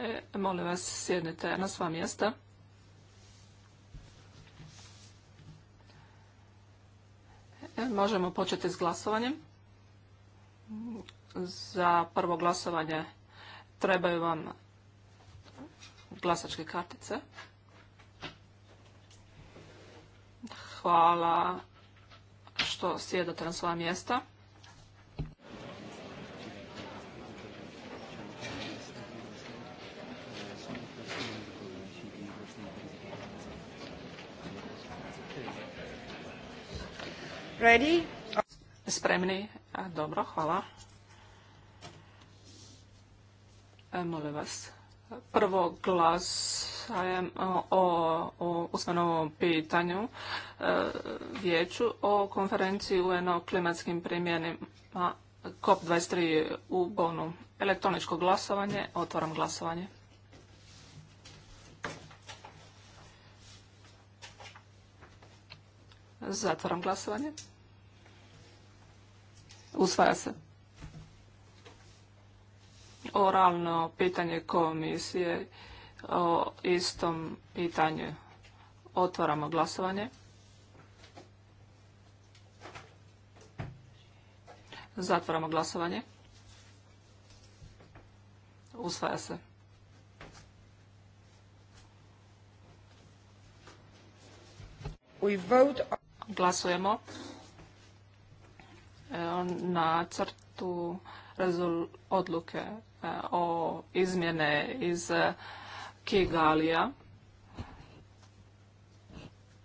E, molim vas, sjednite na sva mjesta. E, možemo početi s glasovanjem. Za prvo glasovanje trebaju vam glasačke kartice. Hvala što sjedate na sva mjesta. Spremni? dobro, hvala. E, molim vas. Prvo glas o, usmenom pitanju e, vijeću o konferenciji UN o klimatskim primjenima COP23 u Bonu. Elektroničko glasovanje, otvaram glasovanje. Zatvaram glasovanje. Usvaja se. Oralno pitanje komisije o istom pitanju. Otvaramo glasovanje. Zatvaramo glasovanje. Usvaja se. We vote Glasujemo e, na crtu odluke e, o izmjene iz Kigalija.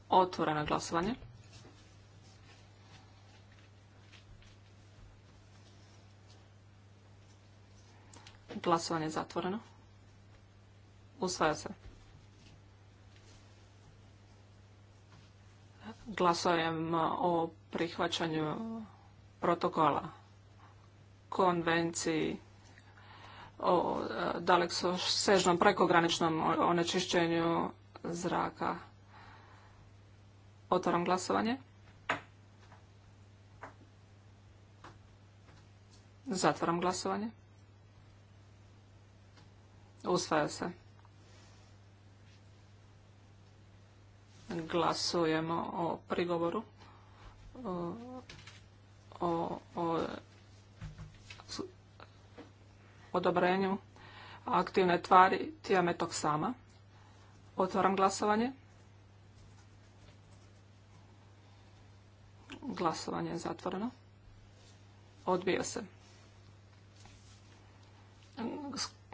Otvoreno glasovanje. Glasovanje je zatvoreno. Usvaja se. glasujem o prihvaćanju protokola konvenciji o daleko sežnom prekograničnom onečišćenju zraka. Otvaram glasovanje. Zatvaram glasovanje. Usvaja se. glasujemo o prigovoru o, odobrenju aktivne tvari sama. Otvaram glasovanje. Glasovanje je zatvoreno. Odbija se.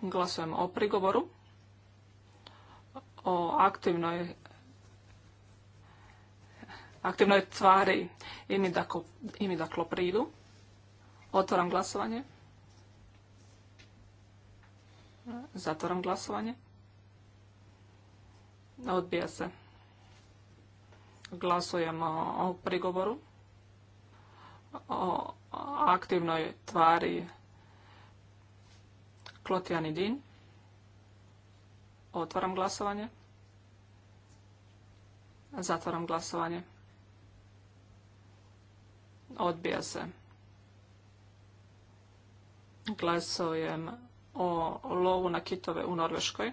Glasujemo o prigovoru o aktivnoj aktivnoj tvari imidaklopridu. Otvaram glasovanje. Zatvaram glasovanje. Odbija se. Glasujemo o prigovoru o aktivnoj tvari din. Otvaram glasovanje. Zatvaram glasovanje. Odbija se. Glasujem o lovu na kitove u Norveškoj.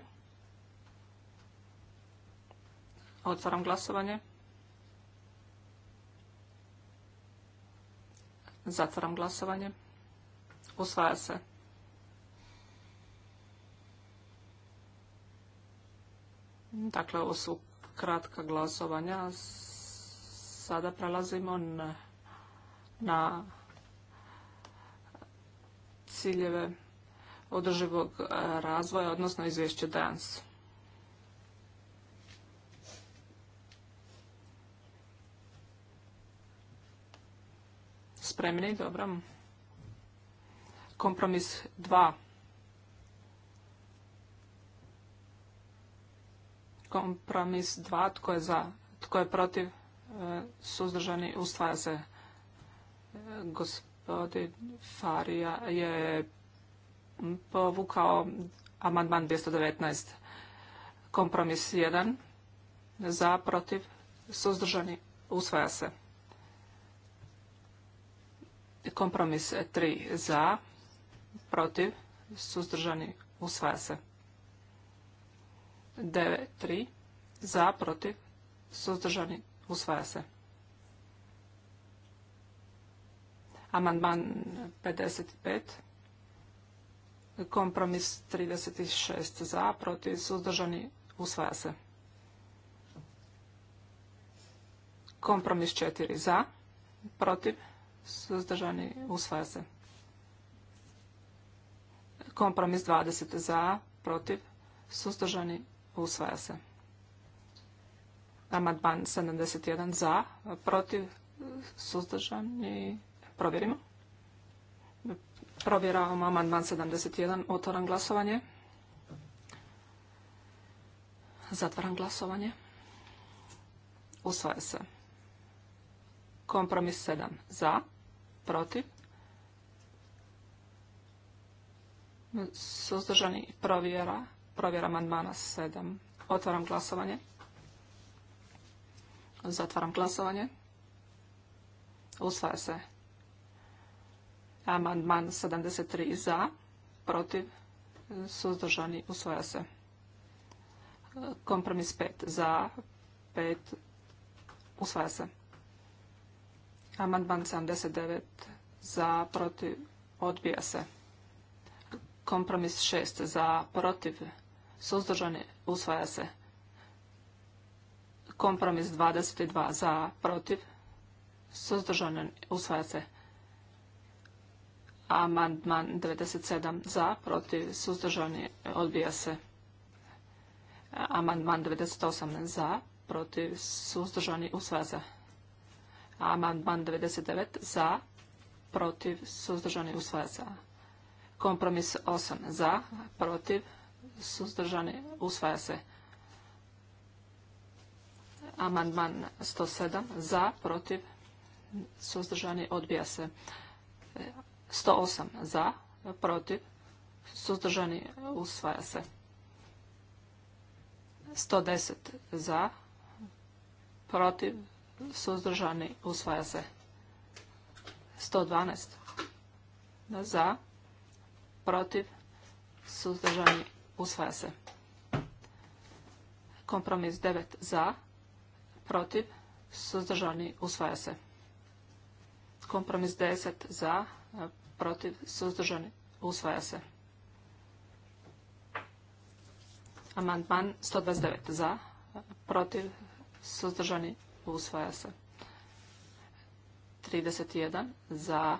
Otvaram glasovanje. Zatvaram glasovanje. Usvaja se. Dakle, ovo su kratka glasovanja. Sada prelazimo na na ciljeve održivog e, razvoja, odnosno izvješće DANS. Spremni, dobro. Kompromis 2. Kompromis 2. Tko je za? Tko je protiv? E, suzdržani ustvaja se. Gospodin Farija je povukao amandman 219. Kompromis 1. Za, protiv, suzdržani, usvaja se. Kompromis 3. Za, protiv, suzdržani, usvaja se. 9. 3. Za, protiv, suzdržani, usvaja se. Amandman 55. Kompromis 36 za, protiv suzdržani usvaja se. Kompromis 4 za, protiv suzdržani usvaja se. Kompromis 20 za, protiv suzdržani usvaja se. Amandman 71 za, protiv suzdržani Provjerimo. Provjeravamo amandman 71. Otvoram glasovanje. Zatvaram glasovanje. Usvaja se. Kompromis 7. Za. Protiv. Suzdržani provjera. Provjera amandmana 7. Otvaram glasovanje. Zatvaram glasovanje. Usvaja se. Amandman 73 za, protiv, suzdržani, usvoja se. Kompromis 5 za, 5, usvoja se. Amandman 79 za, protiv, odbija se. Kompromis 6 za, protiv, suzdržani, usvoja se. Kompromis 22 za, protiv, suzdržani, usvoja se. Amandman 97 za, protiv, suzdržani, odbija se. Amandman 98 za, protiv, suzdržani, usvaja se. Amandman 99 za, protiv, suzdržani, usvaja se. Kompromis 8 za, protiv, suzdržani, usvaja se. Amandman 107 za, protiv, suzdržani, odbija se. 108 za, protiv, suzdržani, usvaja se. 110 za, protiv, suzdržani, usvaja se. 112 za, protiv, suzdržani, usvaja se. Kompromis 9 za, protiv, suzdržani, usvaja se. Kompromis 10 za, E, protiv, suzdržani, usvaja se. Amandman 129 za, protiv, suzdržani, usvaja se. 31 za,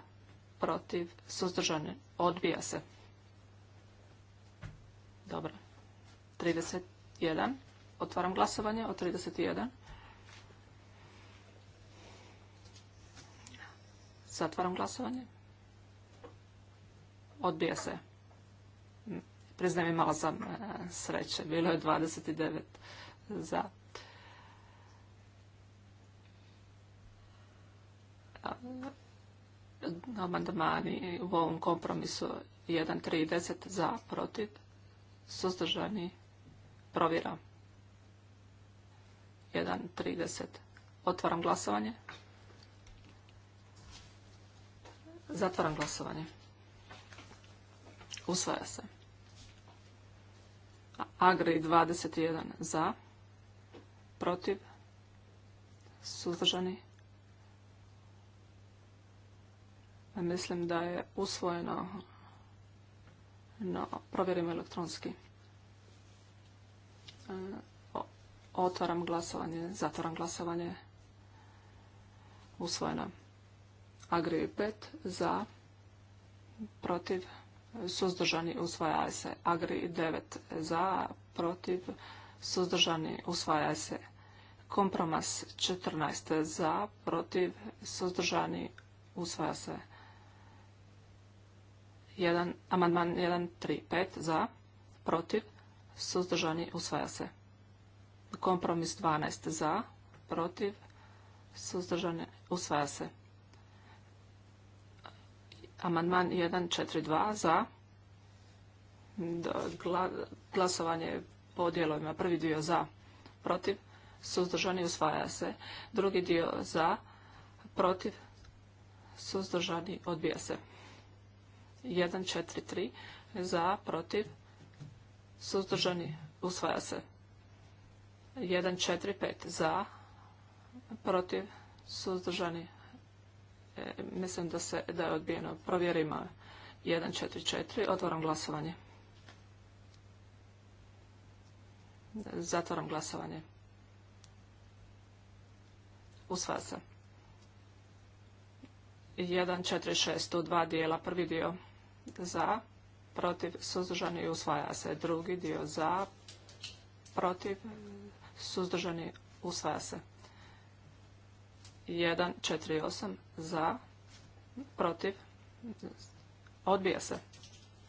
protiv, suzdržani, odbija se. Dobro. 31. Otvaram glasovanje o 31. Zatvaram glasovanje. Odbija se. Priznajem, imala sam e, sreće. Bilo je 29 za. Amandmani u ovom kompromisu 1.30 za, protiv, suzdržani, provjera. 1.30. Otvaram glasovanje. Zatvaram glasovanje. Usvaja se. Agri 21 za. Protiv. Suzdržani. Mislim da je usvojeno. No, provjerimo elektronski. E, otvaram glasovanje, zatvaram glasovanje. Usvojeno. Agri 5 za. Protiv suzdržani usvaja se. Agri 9 za, protiv, suzdržani usvaja se. Kompromas 14 za, protiv, suzdržani usvaja se. Jedan, amandman 1.3.5 za, protiv, suzdržani usvaja se. Kompromis 12 za, protiv, suzdržani usvaja se. Amandman 1.4.2 za glasovanje po dijelovima. Prvi dio za, protiv, suzdržani usvaja se. Drugi dio za, protiv, suzdržani odbija se. 143 za, protiv, suzdržani usvaja se. 145 za, protiv, suzdržani E, mislim da, se, da je odbijeno. Provjerimo 1.4.4. Otvaram glasovanje. Zatvaram glasovanje. Usvaja se. 1.4.6 u dva dijela. Prvi dio za, protiv, suzdržani, usvaja se. Drugi dio za, protiv, suzdržani, usvaja se. 148 za, protiv, odbija se.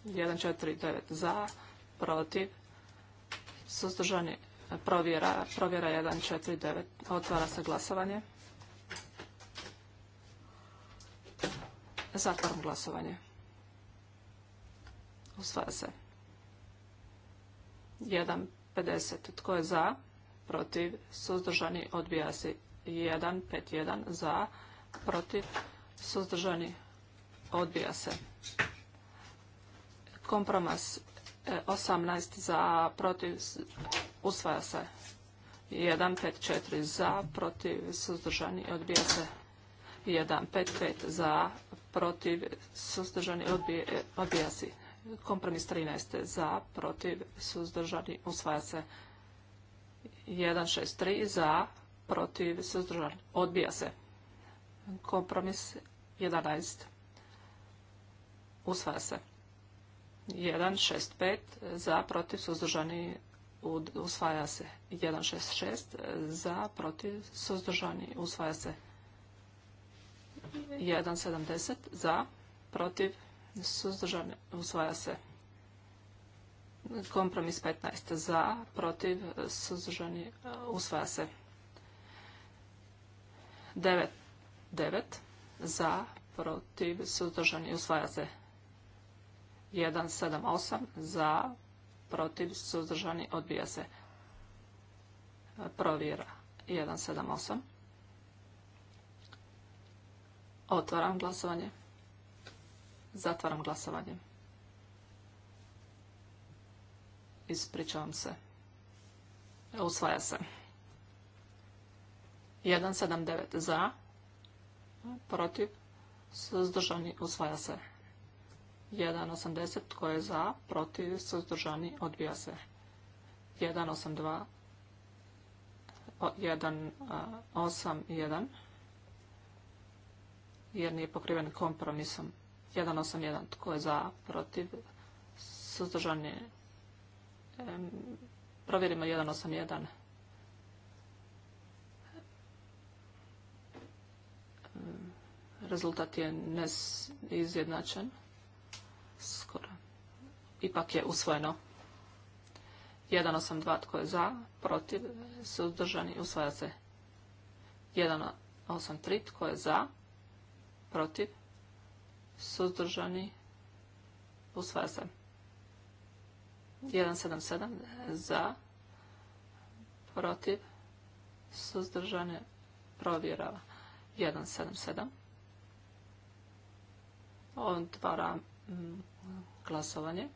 149 za, protiv, suzdržani provjera, provjera 149, otvara se glasovanje. Zatvaram glasovanje. Usvaja se. 1.50. Tko je za? Protiv? Suzdržani? Odbija se. 1, 5, 1 za, protiv, suzdržani, odbija se. Kompromas 18 za, protiv, usvaja se. 1, 5, 4 za, protiv, suzdržani, odbija se. 1, 5, 5 za, protiv, suzdržani, odbija, se. Kompromis 13 e, e, za, protiv, suzdržani, usvaja se. 163 za, protiv, suzdržan, odbija se. Kompromis 11. Usvaja se. 165 za, protiv, suzdržani, usvaja se. 166 za, protiv, suzdržani, usvaja se. 170 za, protiv, suzdržani, usvaja se. Kompromis 15 za, protiv, suzdržani, usvaja se. 9, 9 za, protiv, suzdržani, usvaja se. 1. 7. 8. za, protiv, suzdržani, odbija se. Provjera 1. 7. 8. Otvaram glasovanje. Zatvaram glasovanje. Ispričavam se. Usvaja se. 179 za, protiv, suzdržani, usvaja se. 180 tko je za, protiv, suzdržani, odbija se. 182, 181 jer nije pokriven kompromisom. 181 tko je za, protiv, suzdržani, provjerimo 181. Rezultat je neizjednačen. Skoro. Ipak je usvojeno. 182 tko je za, protiv, suzdržani, usvaja se. 183 tko je za, protiv, suzdržani, usvaja se. 177 za, protiv, suzdržani, provjerava. 177. Otvaram mm, glasovanje.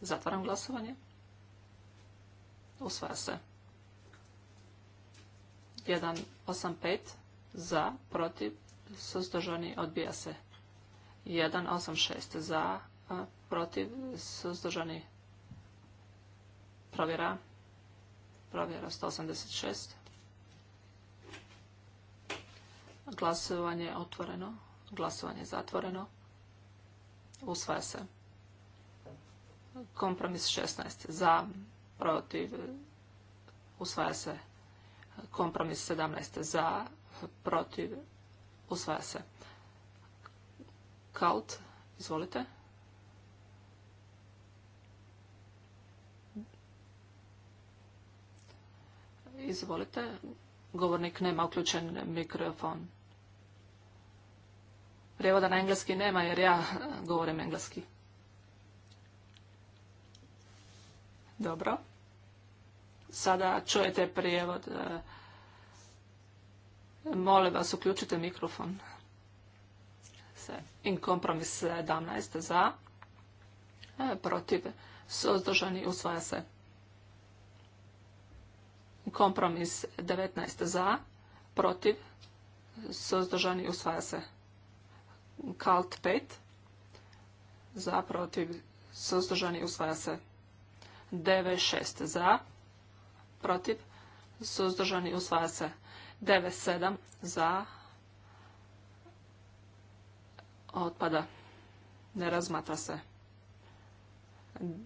Zatvaram glasovanje. Usvaja se. 185 za, protiv, suzdržani, odbija se. 186 za, protiv, suzdržani, provjera, provjera 186. Glasovanje je otvoreno, glasovanje je zatvoreno usvaja se. Kompromis 16 za, protiv, usvaja se. Kompromis 17 za, protiv, usvaja se. Kaut, izvolite. Izvolite. Govornik nema uključen mikrofon. Prevoda na engleski nema jer ja e, govorim engleski. Dobro. Sada čujete prijevod. E, molim vas, uključite mikrofon. In kompromis 17 e, za. Protiv. Suzdržani usvaja se. Kompromis 19 za. Protiv. Suzdržani usvaja se. Kalt 5 za, protiv, suzdržani, usvaja se. DV6 za, protiv, suzdržani, usvaja se. DV7 za, otpada, ne razmatra se.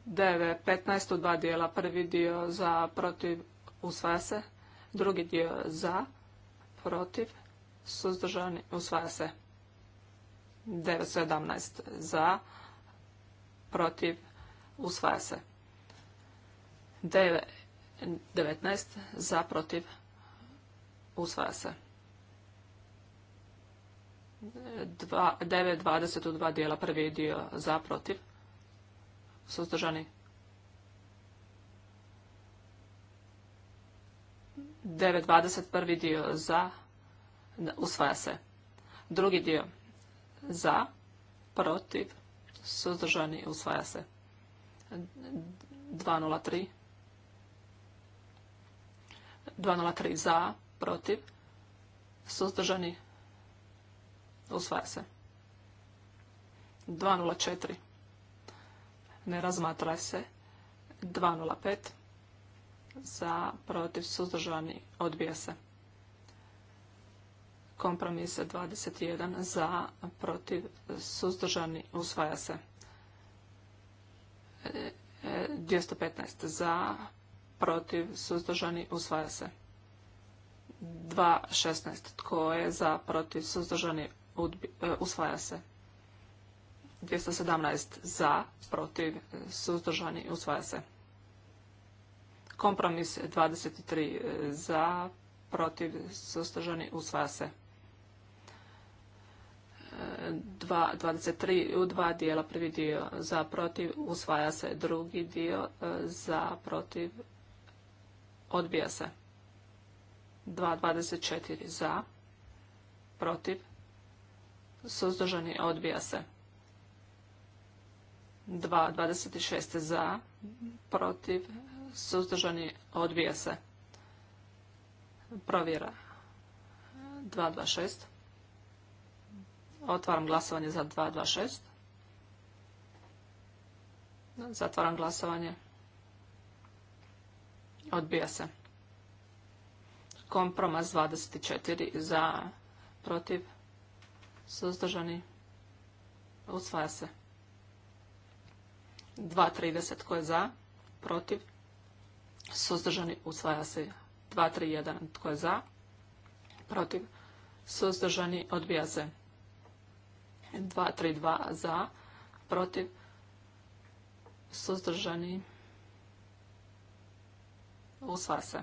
DV15 u dva dijela, prvi dio za, protiv, usvaja se. Drugi dio za, protiv, suzdržani, usvaja se. 917 za, protiv, usvaja se. 19 za, protiv, usvaja se. 9.20. u dva dijela, prvi dio za, protiv, suzdržani. 9, dio za, usvaja se. Drugi dio za, protiv, suzdržani, usvaja se. 203. 203 za, protiv, suzdržani, usvaja se. 204. Ne razmatra se. 205. Za, protiv, suzdržani, odbija se. Kompromis 21 za, protiv, suzdržani, usvaja se. 215 e, e, za, protiv, suzdržani, usvaja se. 2.16. Tko je za, protiv, suzdržani, e, usvaja se. 217. Za, protiv, suzdržani, usvaja se. Kompromis 23. Za, protiv, suzdržani, usvaja se dva, 23 u dva dijela. Prvi dio za protiv usvaja se, drugi dio e, za protiv odbija se. 2.24 za, protiv, suzdržani odbija se. 2.26 za, protiv, suzdržani odbija se. Provjera. 2.26 Otvaram glasovanje za 226. Zatvaram glasovanje. Odbija se. Kompromas 24 za protiv suzdržani. Usvaja se. 2.30 tko je za, protiv, suzdržani, usvaja se. 2.31 tko je za, protiv, suzdržani, odbija se. 232 za, protiv, suzdržani, usva se.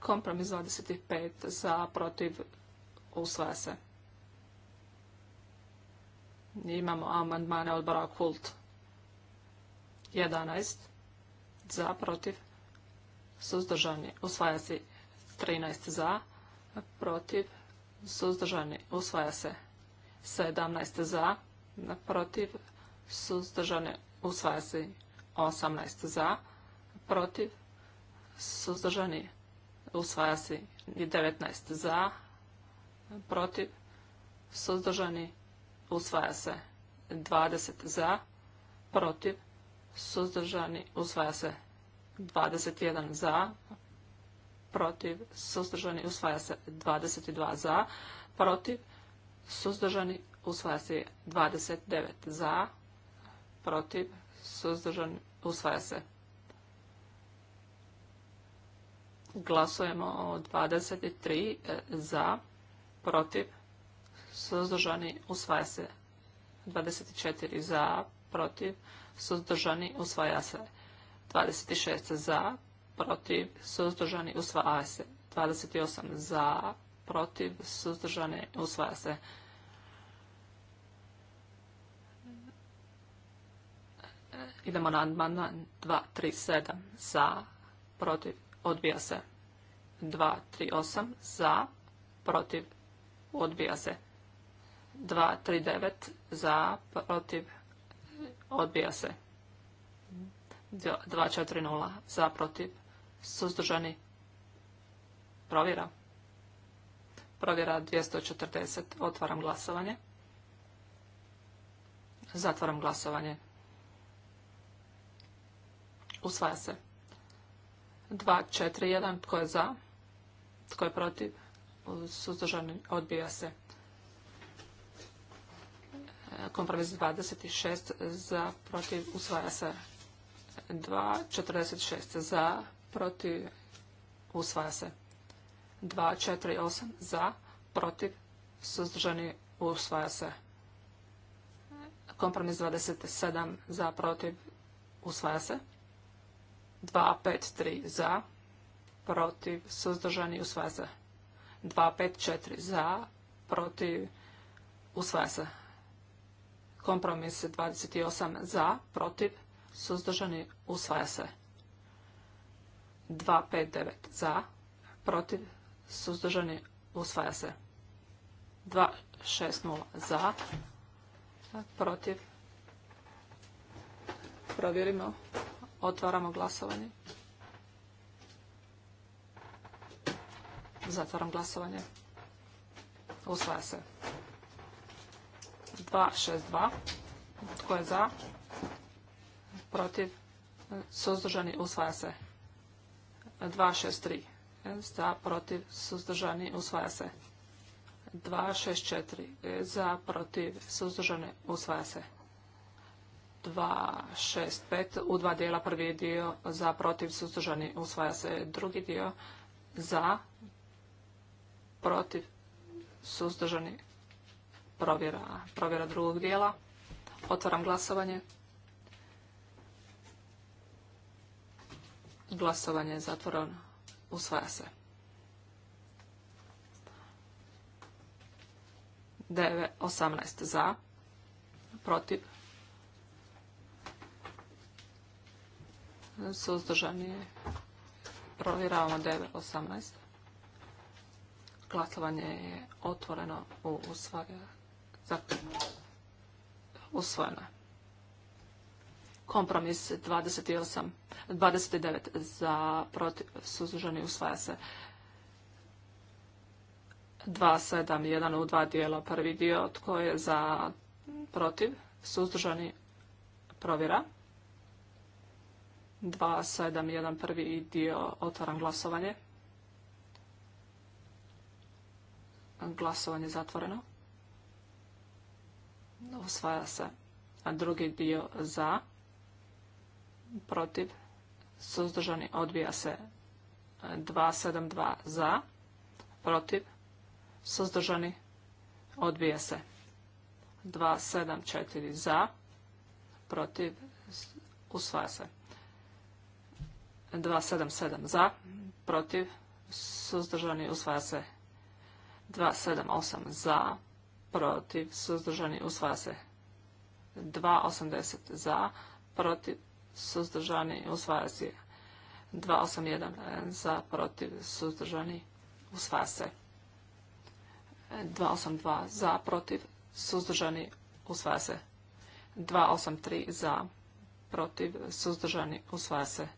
Kompromis 25 za, protiv, usva se. Imamo amandmane odbora kult 11 za, protiv, suzdržani, usvaja se 13 za, protiv, suzdržani, usvaja se. 17 za, protiv, suzdržani, usvaja se. 18 za, protiv, suzdržani, usvaja se. 19 za, protiv, suzdržani, usvaja se. 20 za, protiv, suzdržani, usvaja se. 21 za, protiv, suzdržani, usvaja se 22 za, protiv, suzdržani, usvaja se 29 za, protiv, suzdržani, usvaja se. Glasujemo 23 e, za, protiv, suzdržani, usvaja se 24 za, protiv, suzdržani, usvaja se 26 za, protiv, suzdržani, usvaja se. 28 za, protiv, suzdržani, usvaja se. Idemo na amandman 237 za, protiv, odbija se. 238 za, protiv, odbija se. 239 za, protiv, odbija se. 240 za, protiv, Suzdržani? Provjera. Provjera 240. Otvaram glasovanje. Zatvaram glasovanje. Usvaja se. 241, Tko je za? Tko je protiv? Suzdržani odbija se. Kompromis 26 za protiv usvaja se. 2, 46 za protiv, usvaja se. 248 za, protiv, suzdržani, usvaja se. Kompromis 27 za, protiv, usvaja se. 253 za, protiv, suzdržani, usvaja se. 254 za, protiv, usvaja se. Kompromis 28 za, protiv, suzdržani, usvaja se. 259 za, protiv, suzdržani, usvaja se. 260 za, protiv, provjerimo, otvaramo glasovanje. Zatvaram glasovanje. Usvaja se. 262. Tko je za? Protiv? Suzdržani? Usvaja se. 263 e, za, protiv, suzdržani, usvaja se. 264 e, za, protiv, suzdržani, usvaja se. 265 u dva dijela, prvi dio za, protiv, suzdržani, usvaja se. Drugi dio za, protiv, suzdržani, provjera, provjera drugog dijela. Otvaram glasovanje. Glasovanje je zatvoreno. Usvaja se. 9, 18 za, protiv, suzdržan je, provjeravamo 9.18. osamnaest Glasovanje je otvoreno u usvojeno. Kompromis 28, 29 za protiv suzdržani usvaja se. 271 u dva dijela. Prvi dio tko je za protiv suzdržani provjera. 271 prvi dio otvaram glasovanje. Glasovanje zatvoreno. Usvaja se. A drugi dio za protiv, suzdržani, odbija se 272 za, protiv, suzdržani, odbija se 274 za, protiv, usvaja se 277 za, protiv, suzdržani, usvaja se 278 za, protiv, suzdržani, usvaja se 280 za, protiv, suzdržani, usvaja se. 281 za, protiv, suzdržani, usvaja se. 282 za, protiv, suzdržani, usvaja se. 283 za, protiv, suzdržani, usvaja se.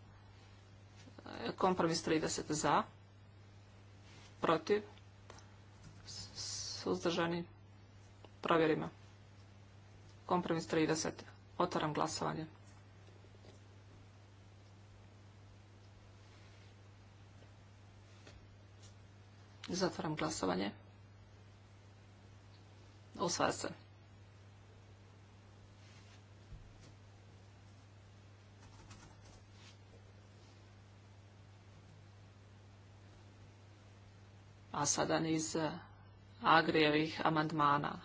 Kompromis 30 za, protiv, suzdržani, provjerimo. Kompromis 30. Otvaram glasovanje. Zatvaram glasovanje. Usvaja se. A sada niz eh, Agrijevih amandmana.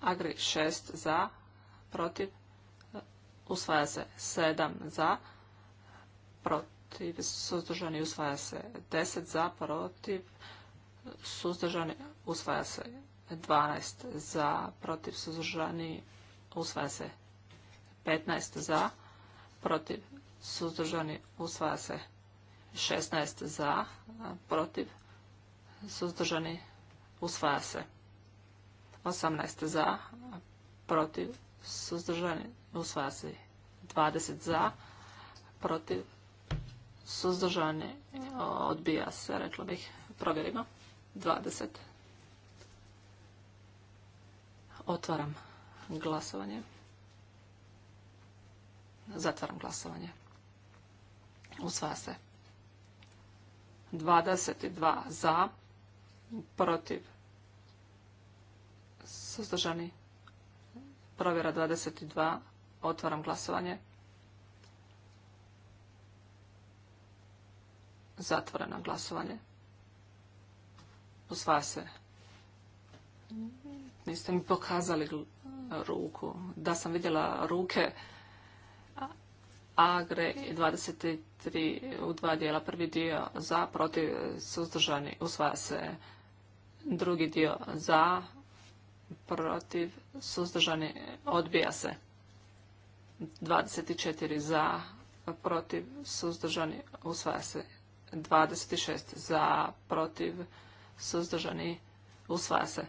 Agri šest za, protiv, eh, usvaja se sedam za, protiv protiv, suzdržani, usvaja se. 10 za, protiv, suzdržani, usvaja se. 12 za, protiv, suzdržani, usvaja se. 15 za, protiv, suzdržani, usvaja se. 16 za, protiv, suzdržani, usvaja se. 18 za, protiv, suzdržani, usvaja se. 20 za, protiv, suzdržani, odbija se, rekla bih, provjerimo, 20. Otvaram glasovanje. Zatvaram glasovanje. Usvaja se. 22 za, protiv, suzdržani, provjera 22, otvaram glasovanje. Zatvoreno glasovanje. Usvaja se. Niste mi pokazali ruku. Da sam vidjela ruke Agre 23 u dva dijela. Prvi dio za, protiv, suzdržani. Usvaja se. Drugi dio za, protiv, suzdržani. Odbija se. 24 za, protiv, suzdržani. Usvaja se. 26 za, protiv, suzdržani, usvaja se.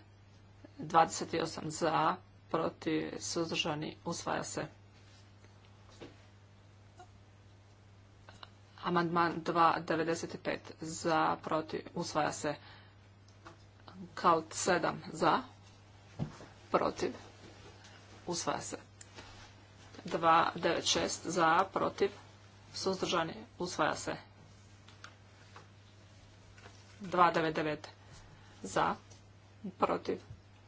28 za, protiv, suzdržani, usvaja se. Amandman 2.95 za, protiv, usvaja se. Kalt 7 za, protiv, usvaja se. 2.96 za, protiv, suzdržani, usvaja se. 299 za, protiv,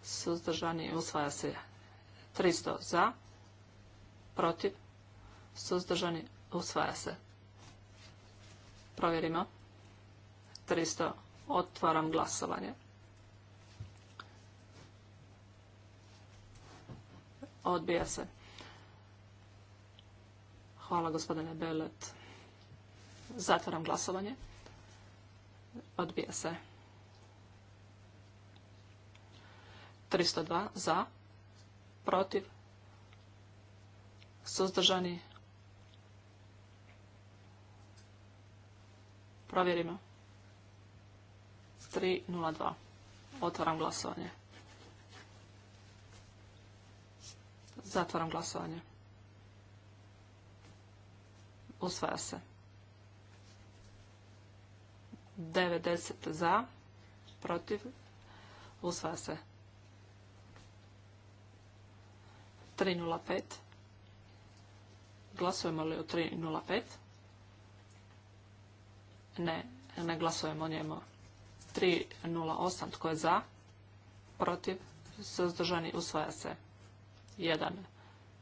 suzdržani, usvaja se 300 za, protiv, suzdržani, usvaja se. Provjerimo. 300. Otvaram glasovanje. Odbija se. Hvala gospodine Belet. Zatvaram glasovanje. Odbija se. 302 za. Protiv. Suzdržani. Provjerimo. 302. Otvaram glasovanje. Zatvaram glasovanje. Usvaja se. 90 za, protiv, usva se. 305. Glasujemo li o 305? Ne, ne glasujemo o njemu. 308. Tko je za? Protiv? Suzdržani usvaja se. 1.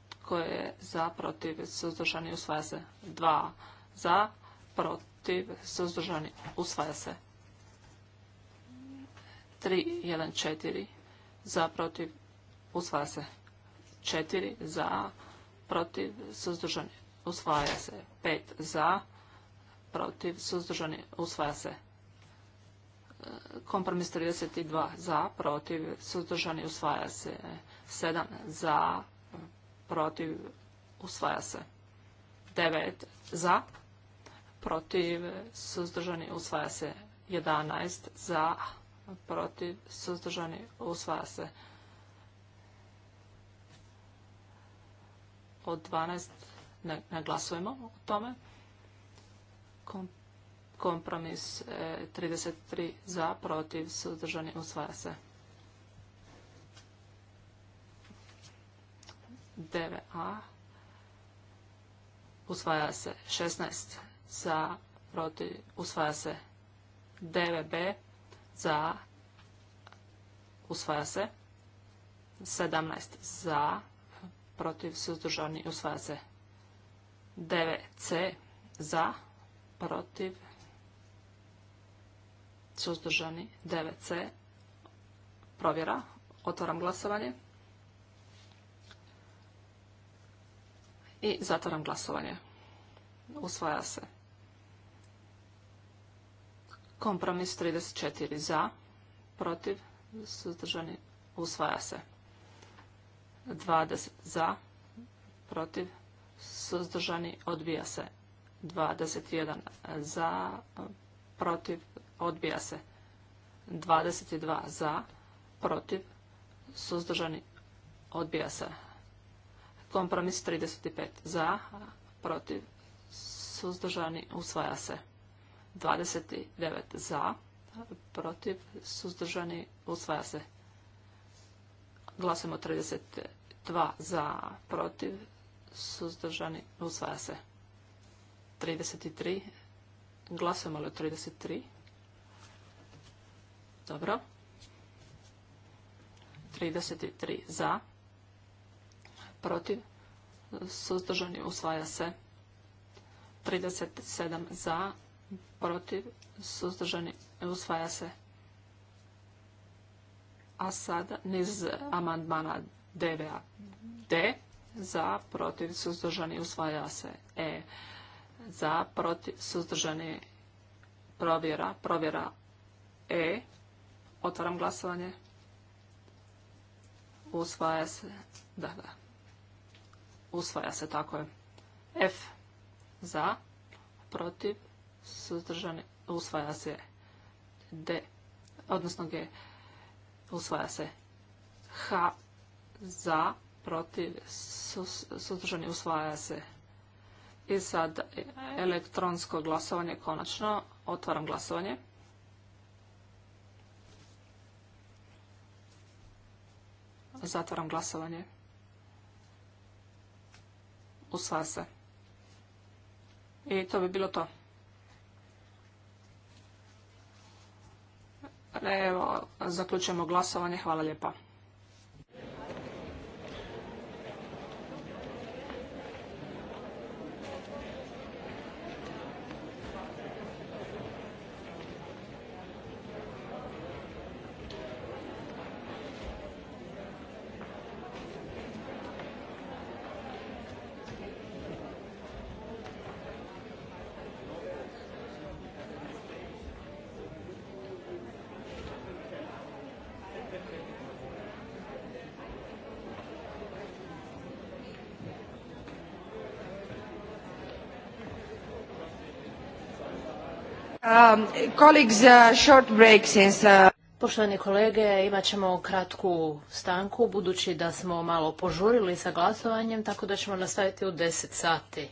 Tko je za? Protiv? Suzdržani usvaja se. 2. Za? Protiv? protiv, suzdržani, usvaja se. 3, 1, 4, za, protiv, usvaja se. 4, za, protiv, suzdržani, usvaja se. 5, za, protiv, suzdržani, usvaja se. Kompromis 32, za, protiv, suzdržani, usvaja se. 7, za, protiv, usvaja se. 9, za, protiv, protiv, suzdržani, usvaja se 11 za, protiv, suzdržani, usvaja se od 12, ne, glasujemo o tome. Kompromis 33 e, za, protiv, suzdržani, usvaja se. 9a. Usvaja se 16 za, protiv, usvaja se. DVB za, usvaja se. 17 za, protiv, suzdržani, usvaja se. 9c za, protiv, suzdržani, 9c, provjera, otvaram glasovanje. I zatvaram glasovanje. Usvaja se. Kompromis 34 za, protiv, suzdržani, usvaja se. 20 za, protiv, suzdržani, odbija se. 21 za, protiv, odbija se. 22 za, protiv, suzdržani, odbija se. Kompromis 35 za, protiv, suzdržani, usvaja se. 29 za, protiv, suzdržani, usvaja se. Glasujemo 32 za, protiv, suzdržani, usvaja se. 33, glasujemo li 33? Dobro. 33 za, protiv, suzdržani, usvaja se. 37 za, protiv, suzdržani, usvaja se. A sada niz amandmana DVA D, za, protiv, suzdržani, usvaja se. E, za, protiv, suzdržani, provjera, provjera E, otvaram glasovanje, usvaja se, da, da, usvaja se, tako je. F, za, protiv, suzdržani, usvaja se D, odnosno G, usvaja se H, za, protiv, suzdržani, usvaja se. I sad elektronsko glasovanje konačno. Otvaram glasovanje. Zatvaram glasovanje. Usvaja se. I to bi bilo to. Evo, zaključujemo glasovanje. Hvala lijepa. Um, uh, uh, Poštovani kolege, imat ćemo kratku stanku budući da smo malo požurili sa glasovanjem, tako da ćemo nastaviti u 10 sati.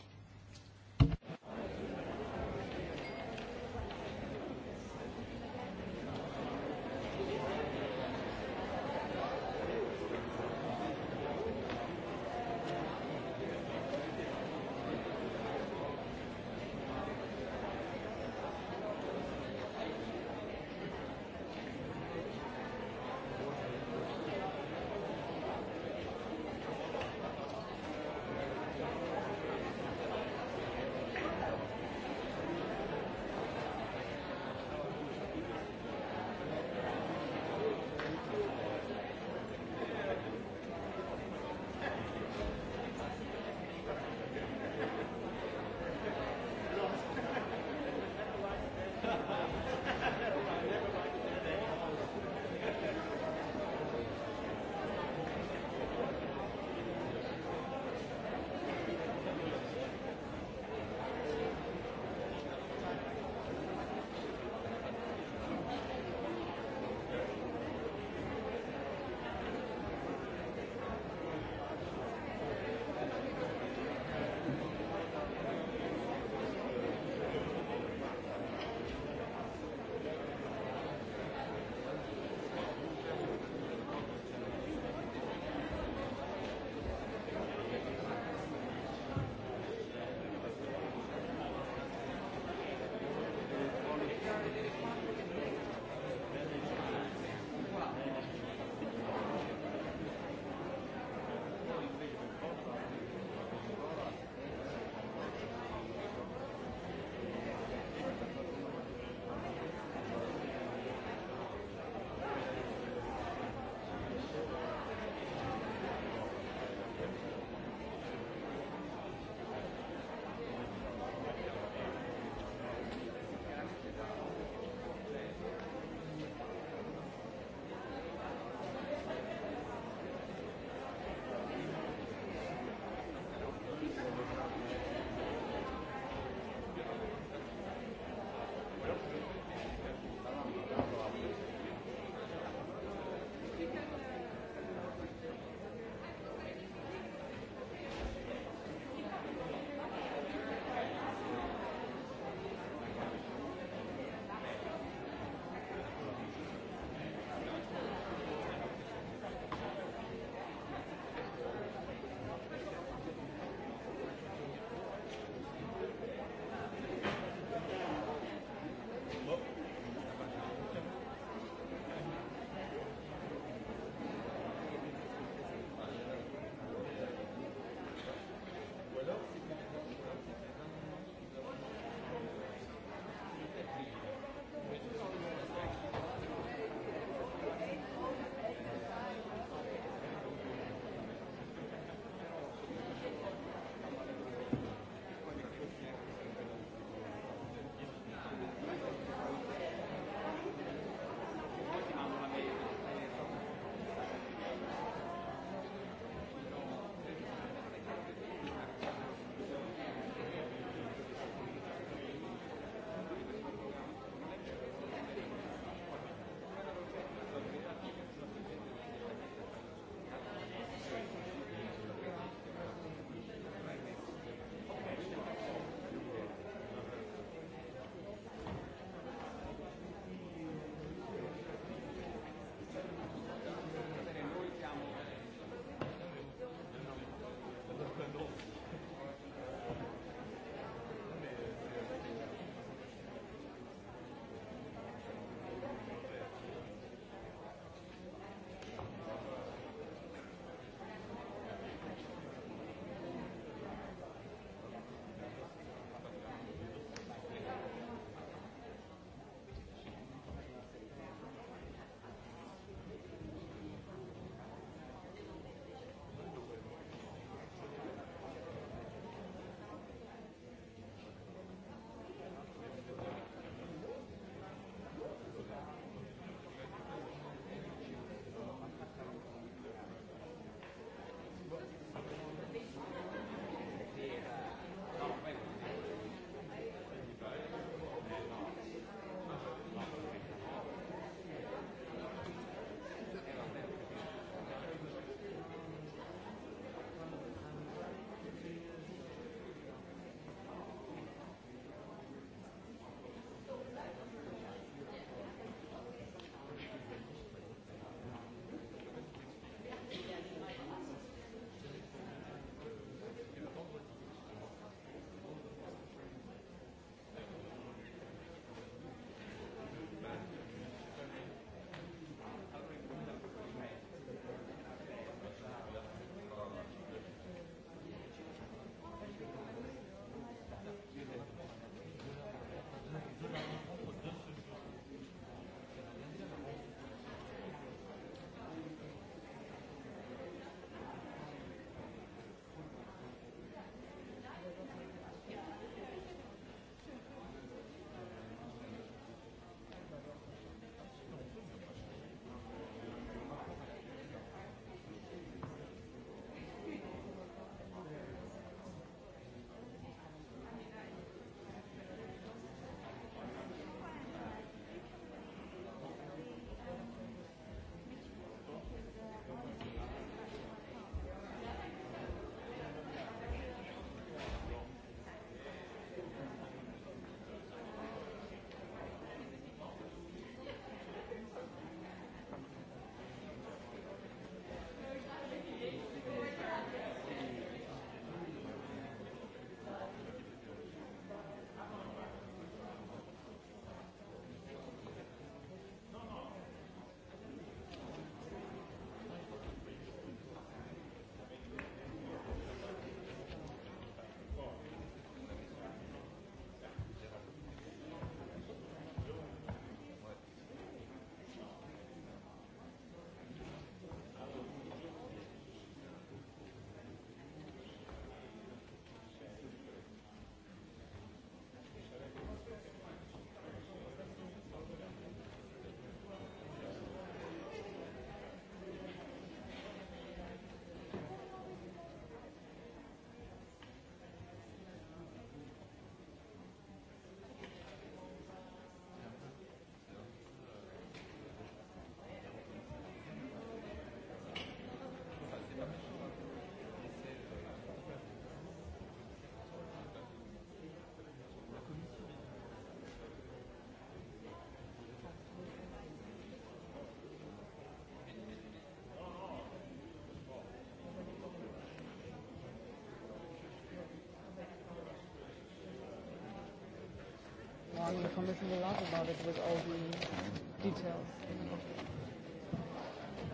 commission will laugh about it with all the details.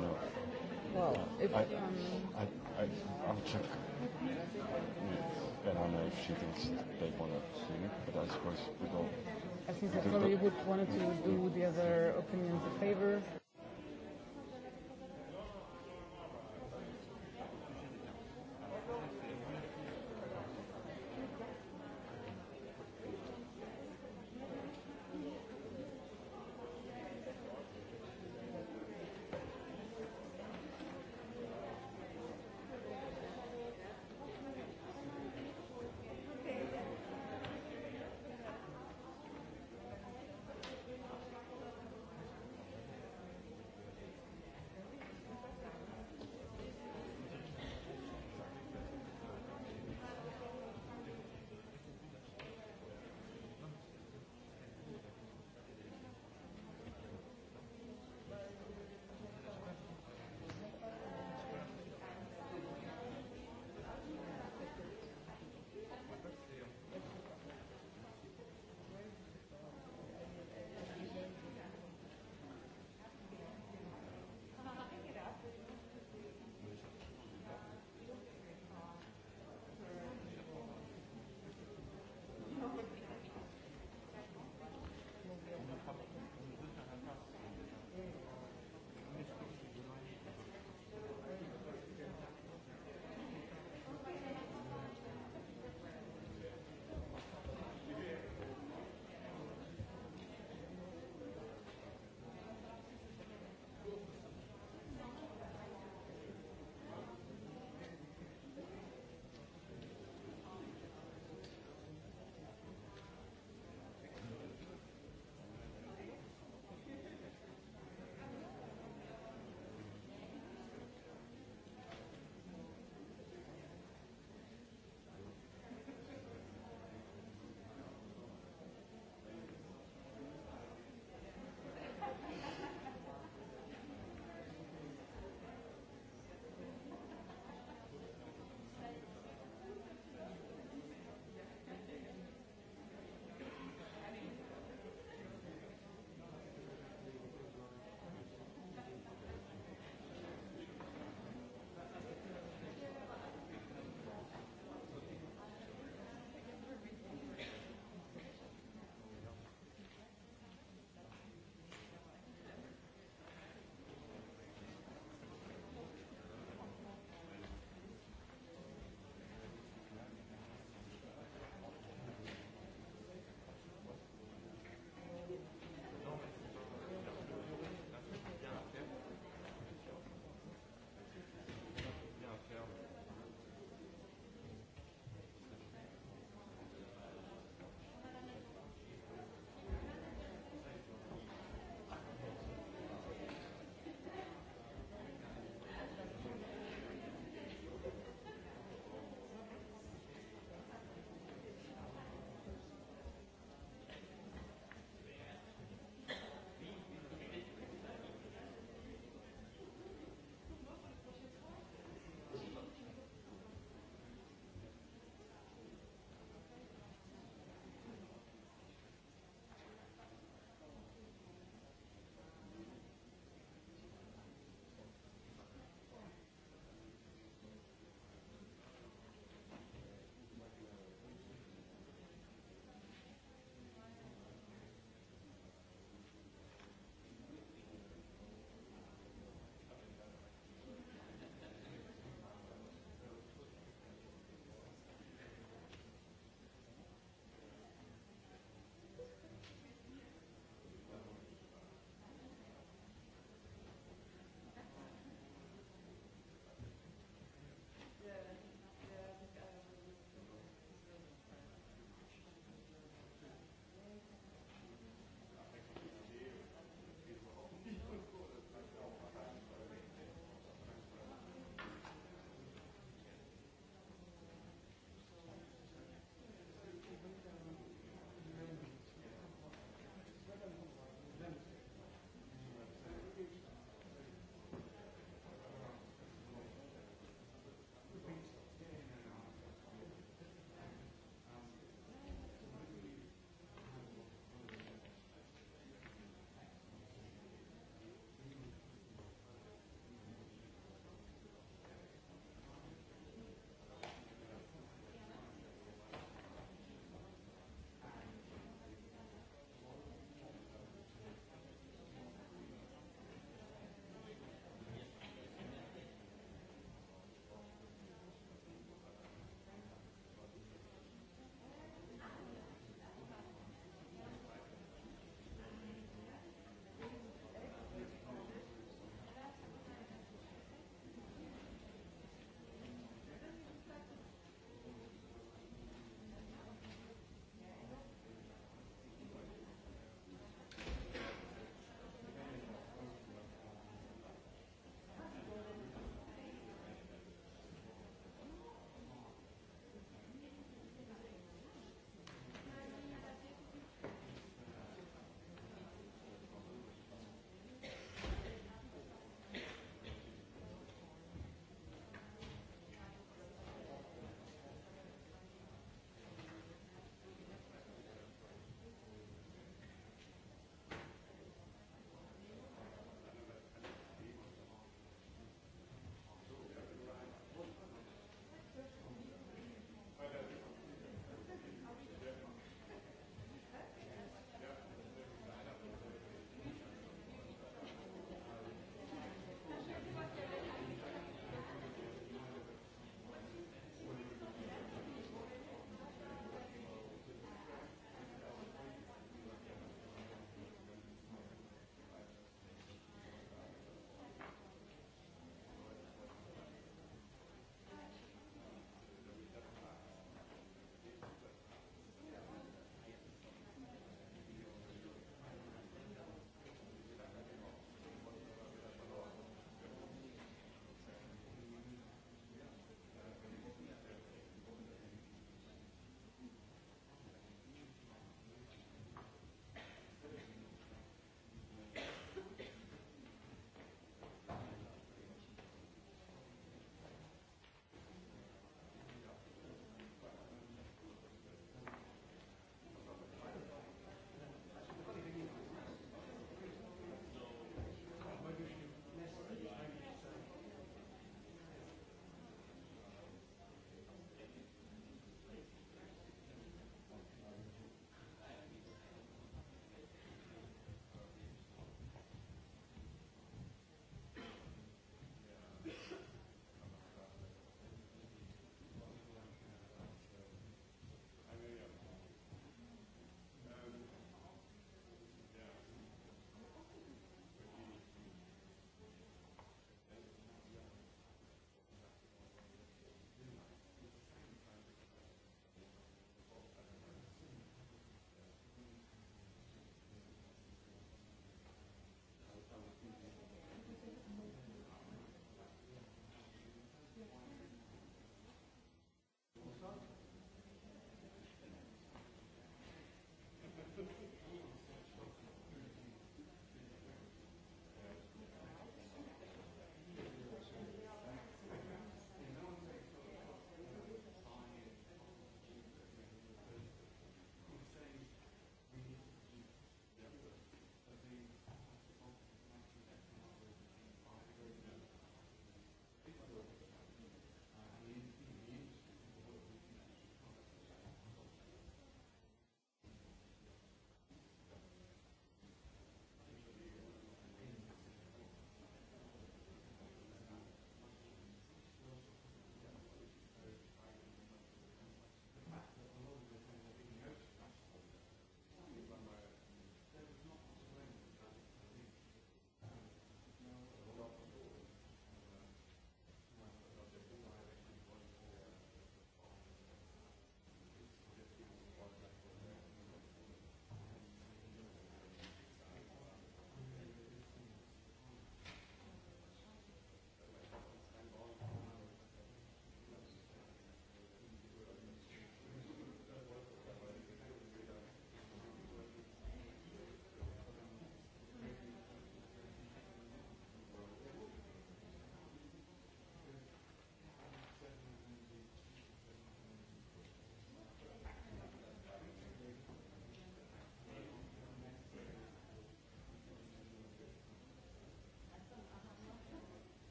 No. Well, if I, um, I, I, I'll check. I don't know if she thinks they want to see it, but I suppose we don't. I think that probably would want to do the other opinions a favor.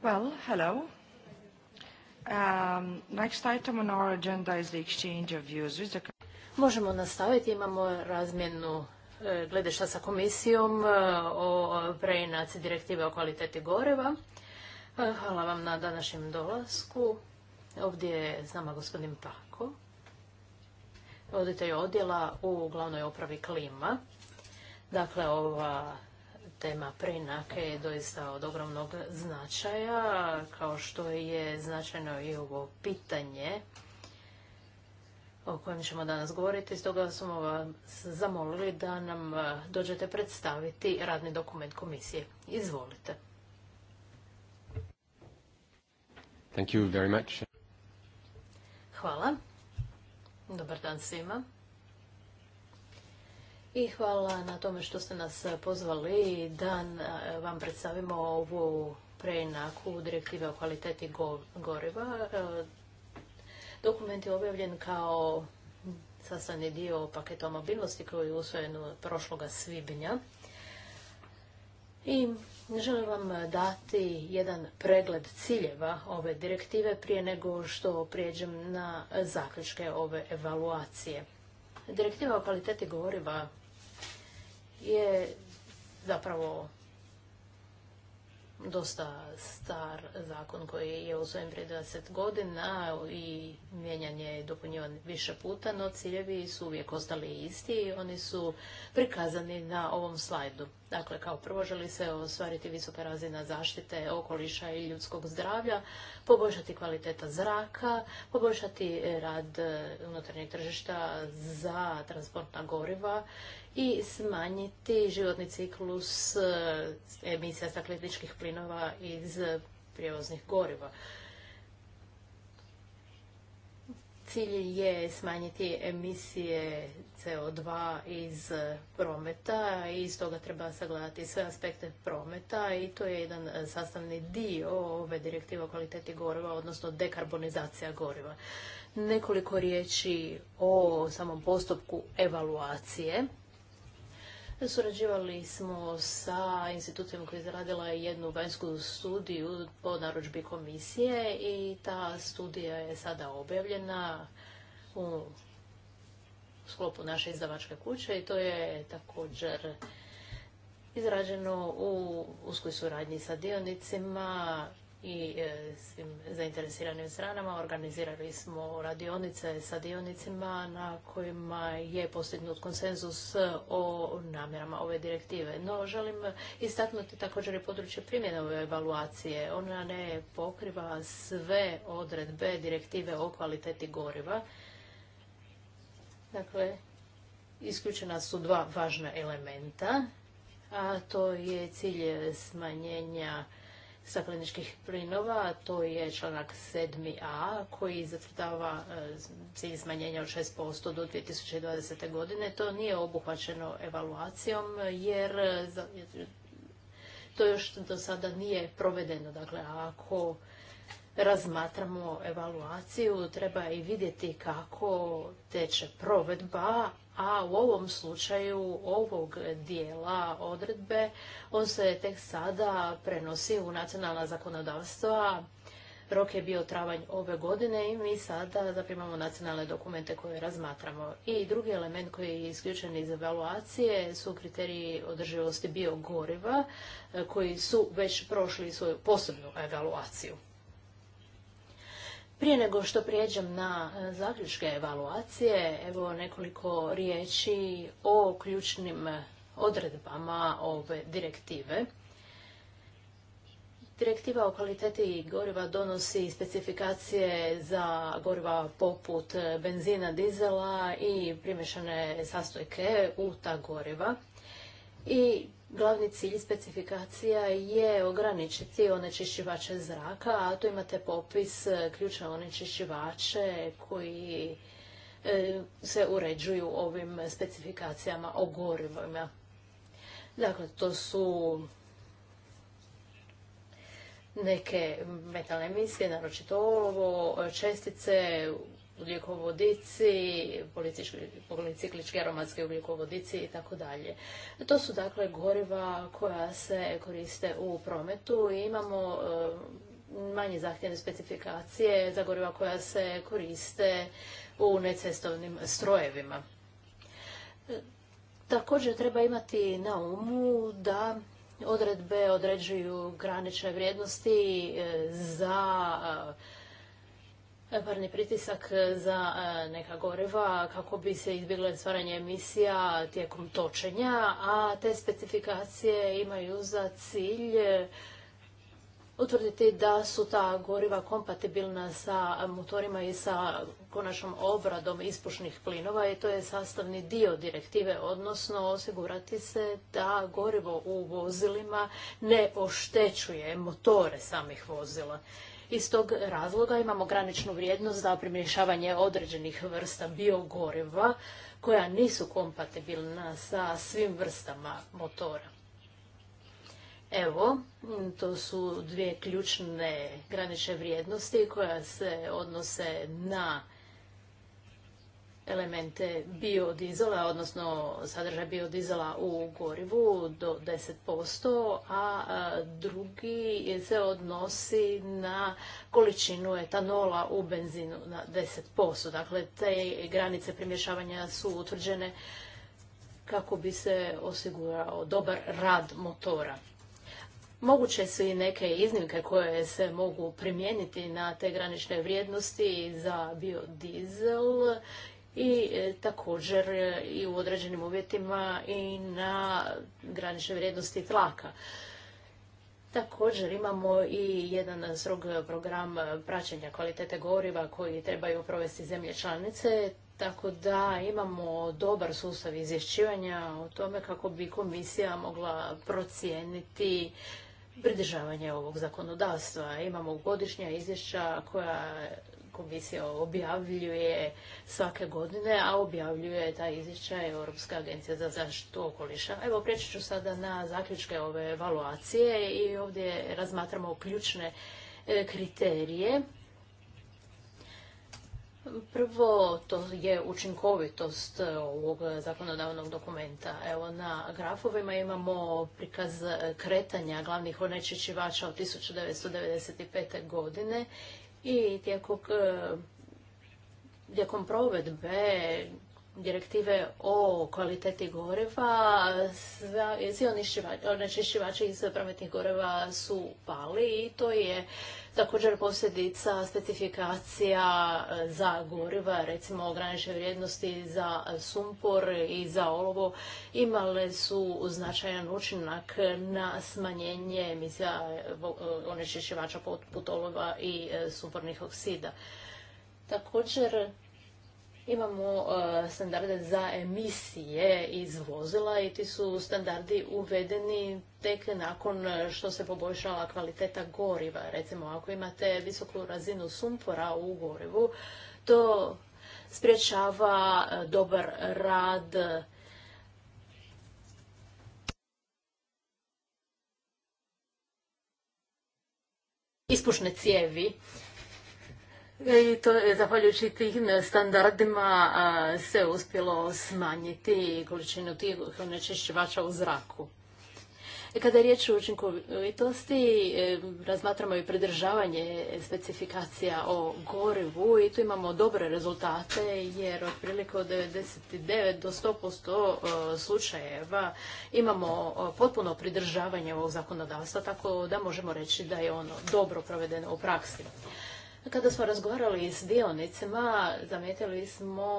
Well, hello. Um, next item on our agenda is the exchange of views Možemo nastaviti, imamo razmjenu e, šta sa komisijom e, o preinaci direktive o kvaliteti goreva. E, hvala vam na današnjem dolasku. Ovdje je s nama gospodin Pako, voditelj odjela u glavnoj opravi Klima. Dakle, ova tema preinake je doista od ogromnog značaja, kao što je značajno i ovo pitanje o kojem ćemo danas govoriti. Stoga smo vas zamolili da nam e, dođete predstaviti radni dokument komisije. Izvolite. Hvala. Dobar dan svima i hvala na tome što ste nas e, pozvali da e, vam predstavimo ovu preinaku direktive o kvaliteti goriva. E, dokument je objavljen kao sastavni dio paketa mobilnosti koji je usvojen prošloga svibnja. I želim vam dati jedan pregled ciljeva ove direktive prije nego što prijeđem na zaključke ove evaluacije. Direktiva o kvaliteti goriva je zapravo dosta star zakon koji je usvojen prije 20 godina i mijenjan je dopunjivan više puta, no ciljevi su uvijek ostali isti i oni su prikazani na ovom slajdu. Dakle, kao prvo želi se ostvariti visoka razina zaštite okoliša i ljudskog zdravlja, poboljšati kvaliteta zraka, poboljšati rad e, unutarnjeg tržišta za transportna goriva i smanjiti životni ciklus e, emisija stakleničkih plinova iz prijevoznih goriva. Cilj je smanjiti emisije CO2 iz prometa i toga treba sagledati sve aspekte prometa i to je jedan sastavni dio ove direktive o kvaliteti goriva, odnosno dekarbonizacija goriva. Nekoliko riječi o samom postupku evaluacije. Surađivali smo sa institucijom koja je zaradila jednu vanjsku studiju po narudžbi komisije i ta studija je sada objavljena u sklopu naše izdavačke kuće i to je također izrađeno u uskoj suradnji sa dionicima i e, svim zainteresiranim stranama. Organizirali smo radionice sa dionicima na kojima je postignut konsenzus o namjerama ove direktive. No, želim istaknuti također i područje primjene ove evaluacije. Ona ne pokriva sve odredbe direktive o kvaliteti goriva. Dakle, isključena su dva važna elementa, a to je cilj smanjenja stakleničkih plinova, to je članak 7a koji zatvrdava e, cilj smanjenja od 6% do 2020. godine. To nije obuhvaćeno evaluacijom jer e, to još do sada nije provedeno. Dakle, ako razmatramo evaluaciju, treba i vidjeti kako teče provedba, a u ovom slučaju ovog dijela odredbe on se tek sada prenosi u nacionalna zakonodavstva. Rok je bio travanj ove godine i mi sada zaprimamo nacionalne dokumente koje razmatramo. I drugi element koji je isključen iz evaluacije su kriteriji održivosti biogoriva e, koji su već prošli svoju posebnu evaluaciju. Prije nego što prijeđem na e, zaključke evaluacije, evo nekoliko riječi o ključnim e, odredbama ove direktive. Direktiva o kvaliteti goriva donosi specifikacije za goriva poput e, benzina, dizela i primješane sastojke u ta goriva. I Glavni cilj specifikacija je ograničiti onečišćivače zraka, a tu imate popis e, ključne onečišćivače koji e, se uređuju ovim specifikacijama o gorivima. Dakle, to su neke metalne emisije, naročito ovo, čestice ugljikovodici, policiklički aromatski ugljikovodici i tako dalje. To su dakle goriva koja se koriste u prometu i imamo e, manje zahtjevne specifikacije za goriva koja se koriste u necestovnim strojevima. E, također treba imati na umu da odredbe određuju granične vrijednosti e, za E, parni pritisak e, za e, neka goriva kako bi se izbjeglo stvaranje emisija tijekom točenja, a te specifikacije imaju za cilj utvrditi da su ta goriva kompatibilna sa motorima i sa konačnom obradom ispušnih plinova i to je sastavni dio direktive, odnosno osigurati se da gorivo u vozilima ne oštećuje motore samih vozila. Iz tog razloga imamo graničnu vrijednost za primješavanje određenih vrsta biogoriva koja nisu kompatibilna sa svim vrstama motora. Evo, to su dvije ključne granične vrijednosti koja se odnose na elemente biodizela, odnosno sadržaj biodizela u gorivu do 10%, a drugi se odnosi na količinu etanola u benzinu na 10%. Dakle, te granice primješavanja su utvrđene kako bi se osigurao dobar rad motora. Moguće su i neke iznimke koje se mogu primijeniti na te granične vrijednosti za biodizel i e, također e, i u određenim uvjetima i na granične vrijednosti tlaka. Također imamo i jedan strog program praćenja kvalitete goriva koji trebaju provesti zemlje članice, tako da imamo dobar sustav izvješćivanja o tome kako bi komisija mogla procijeniti pridržavanje ovog zakonodavstva. Imamo godišnja izvješća koja komisija objavljuje svake godine, a objavljuje ta izvješća Europska agencija za zaštitu okoliša. Evo, prijeći ću sada na zaključke ove evaluacije i ovdje razmatramo ključne e, kriterije. Prvo, to je učinkovitost e, ovog zakonodavnog dokumenta. Evo, na grafovima imamo prikaz kretanja glavnih onečišćivača od 1995. godine i tijekom, e, tijekom provedbe direktive o kvaliteti goriva, svi onečišćivači iz prometnih goriva su pali i to je također posljedica specifikacija e, za goriva, recimo ograniče vrijednosti za sumpor i za olovo imale su značajan učinak na smanjenje emisija e, onečišćivača poput olova i e, sumpornih oksida. Također, Imamo e, standarde za emisije iz vozila i ti su standardi uvedeni tek nakon što se poboljšala kvaliteta goriva. Recimo, ako imate visoku razinu sumpora u gorivu, to spriječava e, dobar rad ispušne cijevi E, I to je zahvaljujući tim standardima se uspjelo smanjiti količinu tih onečišćivača u zraku. E, kada je riječ o učinkovitosti, e, razmatramo i pridržavanje specifikacija o gorivu i tu imamo dobre rezultate jer otprilike od 99 do 100% slučajeva imamo potpuno pridržavanje ovog zakonodavstva, tako da možemo reći da je ono dobro provedeno u praksi. Kada smo razgovarali s dionicima, zamijetili smo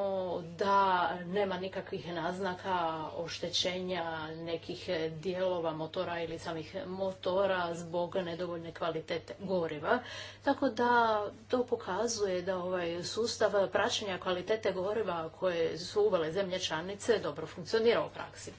da nema nikakvih naznaka oštećenja nekih dijelova motora ili samih motora zbog nedovoljne kvalitete goriva. Tako da to pokazuje da ovaj sustav praćenja kvalitete goriva koje su uvele zemlje članice dobro funkcionira u praksi.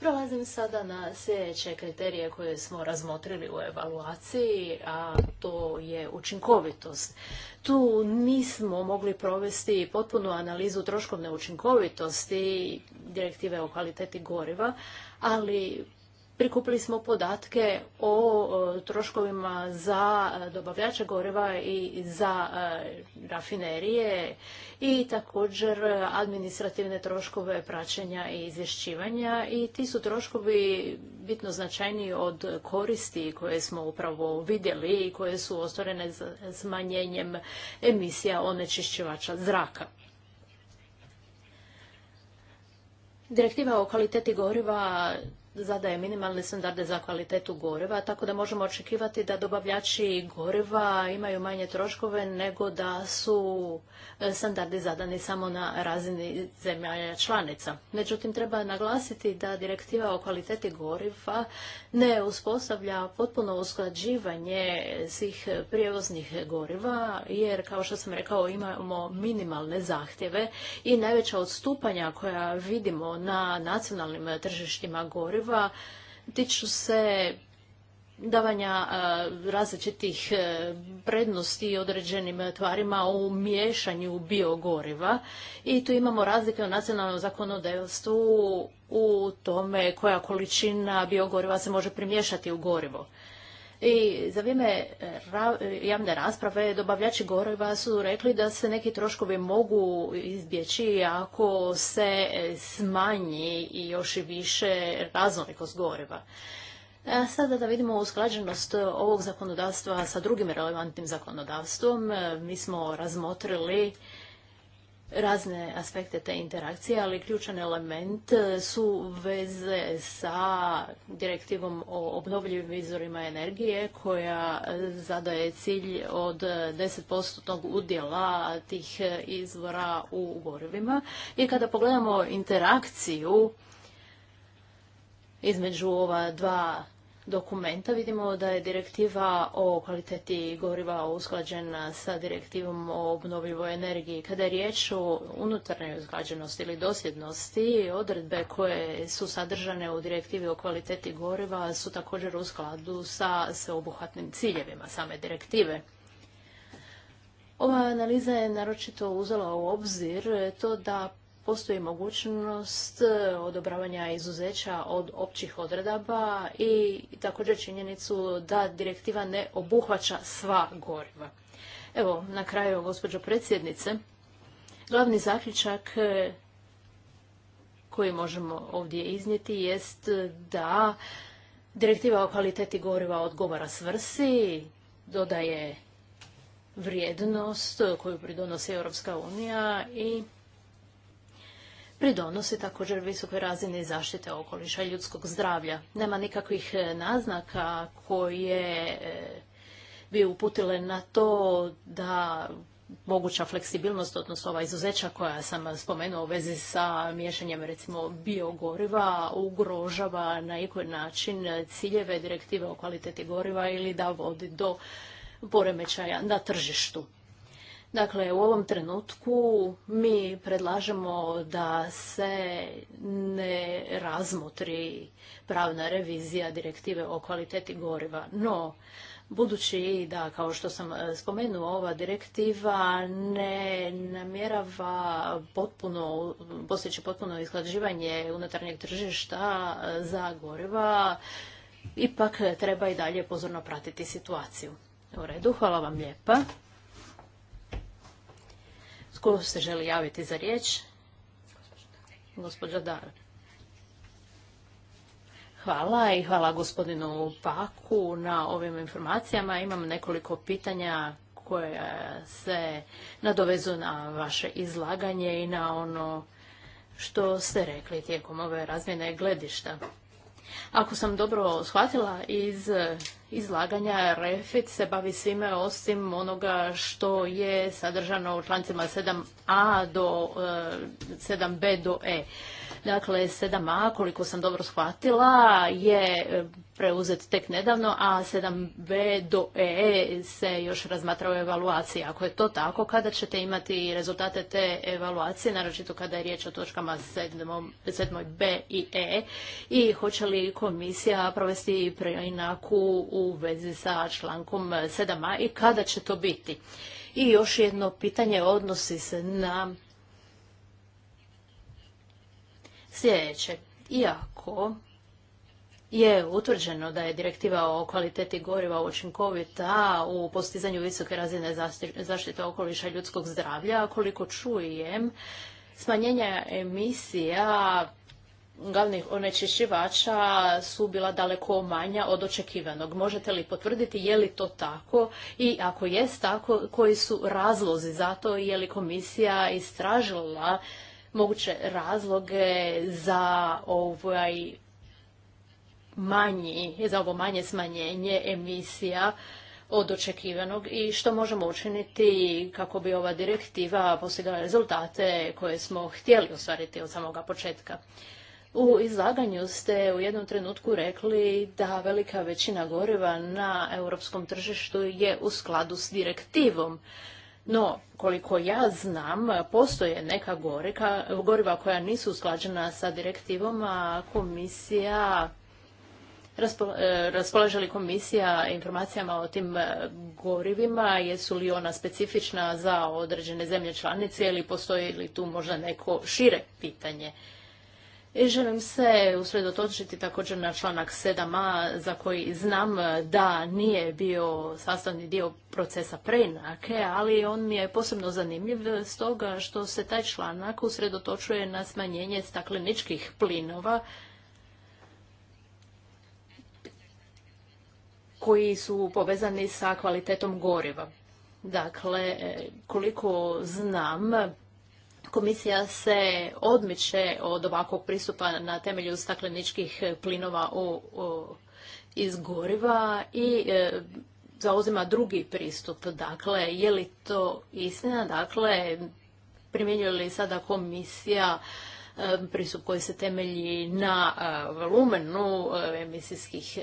Prelazim sada na sljedeće kriterije koje smo razmotrili u evaluaciji, a to je učinkovitost. Tu nismo mogli provesti potpunu analizu troškovne učinkovitosti direktive o kvaliteti goriva, ali prikupili smo podatke o e, troškovima za e, dobavljače goriva i za e, rafinerije i također administrativne troškove praćenja i izvješćivanja i ti su troškovi bitno značajniji od koristi koje smo upravo vidjeli i koje su ostvarene smanjenjem emisija onečišćivača zraka. Direktiva o kvaliteti goriva zadaje minimalne standarde za kvalitetu goriva, tako da možemo očekivati da dobavljači goriva imaju manje troškove nego da su e, standardi zadani samo na razini zemalja članica. Međutim, treba naglasiti da direktiva o kvaliteti goriva ne uspostavlja potpuno usklađivanje svih prijevoznih goriva, jer kao što sam rekao imamo minimalne zahtjeve i najveća odstupanja koja vidimo na nacionalnim tržištima goriva Prva tiču se davanja e, različitih e, prednosti određenim tvarima u miješanju biogoriva i tu imamo razlike u nacionalnom zakonodavstvu u tome koja količina biogoriva se može primiješati u gorivo. I za vrijeme e, e, javne rasprave dobavljači goriva su rekli da se neki troškovi mogu izbjeći ako se e, smanji i još i više raznolikost goriva. sada da vidimo usklađenost ovog zakonodavstva sa drugim relevantnim zakonodavstvom. Mi smo razmotrili razne aspekte te interakcije, ali ključan element e, su veze sa direktivom o obnovljivim izvorima energije koja e, zadaje cilj od 10% udjela tih e, izvora u gorivima. I kada pogledamo interakciju između ova dva dokumenta vidimo da je direktiva o kvaliteti goriva usklađena sa direktivom o obnovljivoj energiji. Kada je riječ o unutarnjoj usklađenosti ili dosljednosti, odredbe koje su sadržane u direktivi o kvaliteti goriva su također u skladu sa sveobuhvatnim ciljevima same direktive. Ova analiza je naročito uzela u obzir to da postoji mogućnost e, odobravanja izuzeća od općih odredaba i također činjenicu da direktiva ne obuhvaća sva goriva. Evo, na kraju, gospođo predsjednice, glavni zaključak e, koji možemo ovdje iznijeti jest da direktiva o kvaliteti goriva odgovara svrsi, dodaje vrijednost koju pridonosi Europska unija i pridonosi također visokoj razini zaštite okoliša i ljudskog zdravlja. Nema nikakvih e, naznaka koje e, bi uputile na to da moguća fleksibilnost, odnosno ova izuzeća koja sam spomenuo u vezi sa miješanjem recimo biogoriva ugrožava na koji način ciljeve direktive o kvaliteti goriva ili da vodi do poremećaja na tržištu. Dakle, u ovom trenutku mi predlažemo da se ne razmotri pravna revizija direktive o kvaliteti goriva, no budući da, kao što sam e, spomenuo, ova direktiva ne namjerava potpuno, postići potpuno isklađivanje unutarnjeg tržišta e, za goriva, ipak treba i dalje pozorno pratiti situaciju. U redu, hvala vam lijepa. Tko se želi javiti za riječ? Gospođa Dara. Hvala i hvala gospodinu Paku na ovim informacijama. Imam nekoliko pitanja koje se nadovezu na vaše izlaganje i na ono što ste rekli tijekom ove razmjene gledišta. Ako sam dobro shvatila iz eh, izlaganja, REFIT se bavi svime osim onoga što je sadržano u člancima 7a do 7b eh, do e. Dakle, 7a, koliko sam dobro shvatila, je e, preuzet tek nedavno, a 7b do e se još razmatra u evaluaciji. Ako je to tako, kada ćete imati rezultate te evaluacije, naročito kada je riječ o točkama 7, b i e, i hoće li komisija provesti preinaku u vezi sa člankom 7a i kada će to biti? I još jedno pitanje odnosi se na sljedeće. Iako je utvrđeno da je direktiva o kvaliteti goriva učinkovita u postizanju visoke razine zaštite okoliša i ljudskog zdravlja, koliko čujem, smanjenja emisija glavnih onečišćivača su bila daleko manja od očekivanog. Možete li potvrditi je li to tako i ako jest tako, koji su razlozi za to je li komisija istražila moguće razloge za ovaj manji, za ovo manje smanjenje emisija od očekivanog i što možemo učiniti kako bi ova direktiva postigala rezultate koje smo htjeli ostvariti od samoga početka. U izlaganju ste u jednom trenutku rekli da velika većina goriva na europskom tržištu je u skladu s direktivom. No, koliko ja znam, postoje neka goriva koja nisu usklađena sa direktivom, a komisija e, raspolaže li komisija informacijama o tim e, gorivima, jesu li ona specifična za određene zemlje članice ili postoji li tu možda neko šire pitanje? Želim se usredotočiti također na članak 7a za koji znam da nije bio sastavni dio procesa preinake, ali on mi je posebno zanimljiv stoga što se taj članak usredotočuje na smanjenje stakleničkih plinova koji su povezani sa kvalitetom goriva. Dakle, koliko znam, Komisija se odmiče od ovakvog pristupa na temelju stakleničkih plinova u, u, iz goriva i e, zauzima drugi pristup. Dakle, je li to istina? Dakle, primjenjuje li sada komisija e, pristup koji se temelji na e, volumenu emisijskih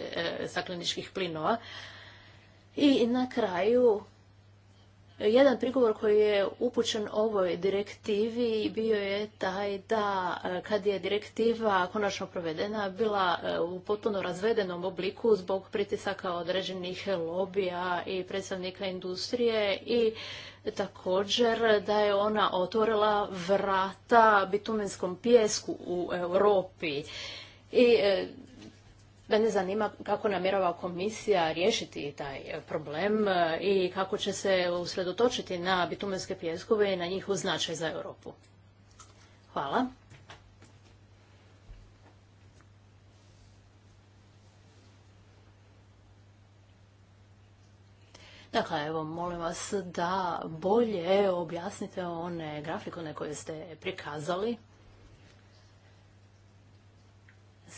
stakleničkih plinova? I na kraju, jedan prigovor koji je upućen ovoj direktivi bio je taj da e, kad je direktiva konačno provedena bila e, u potpuno razvedenom obliku zbog pritisaka određenih lobija i predstavnika industrije i također da je ona otvorila vrata bitumenskom pjesku u Europi. I e, Mene zanima kako namjerava komisija riješiti taj e, problem e, i kako će se usredotočiti na bitumenske pjeskove i na njihov značaj za Europu. Hvala. Dakle, evo, molim vas da bolje objasnite one grafikone koje ste prikazali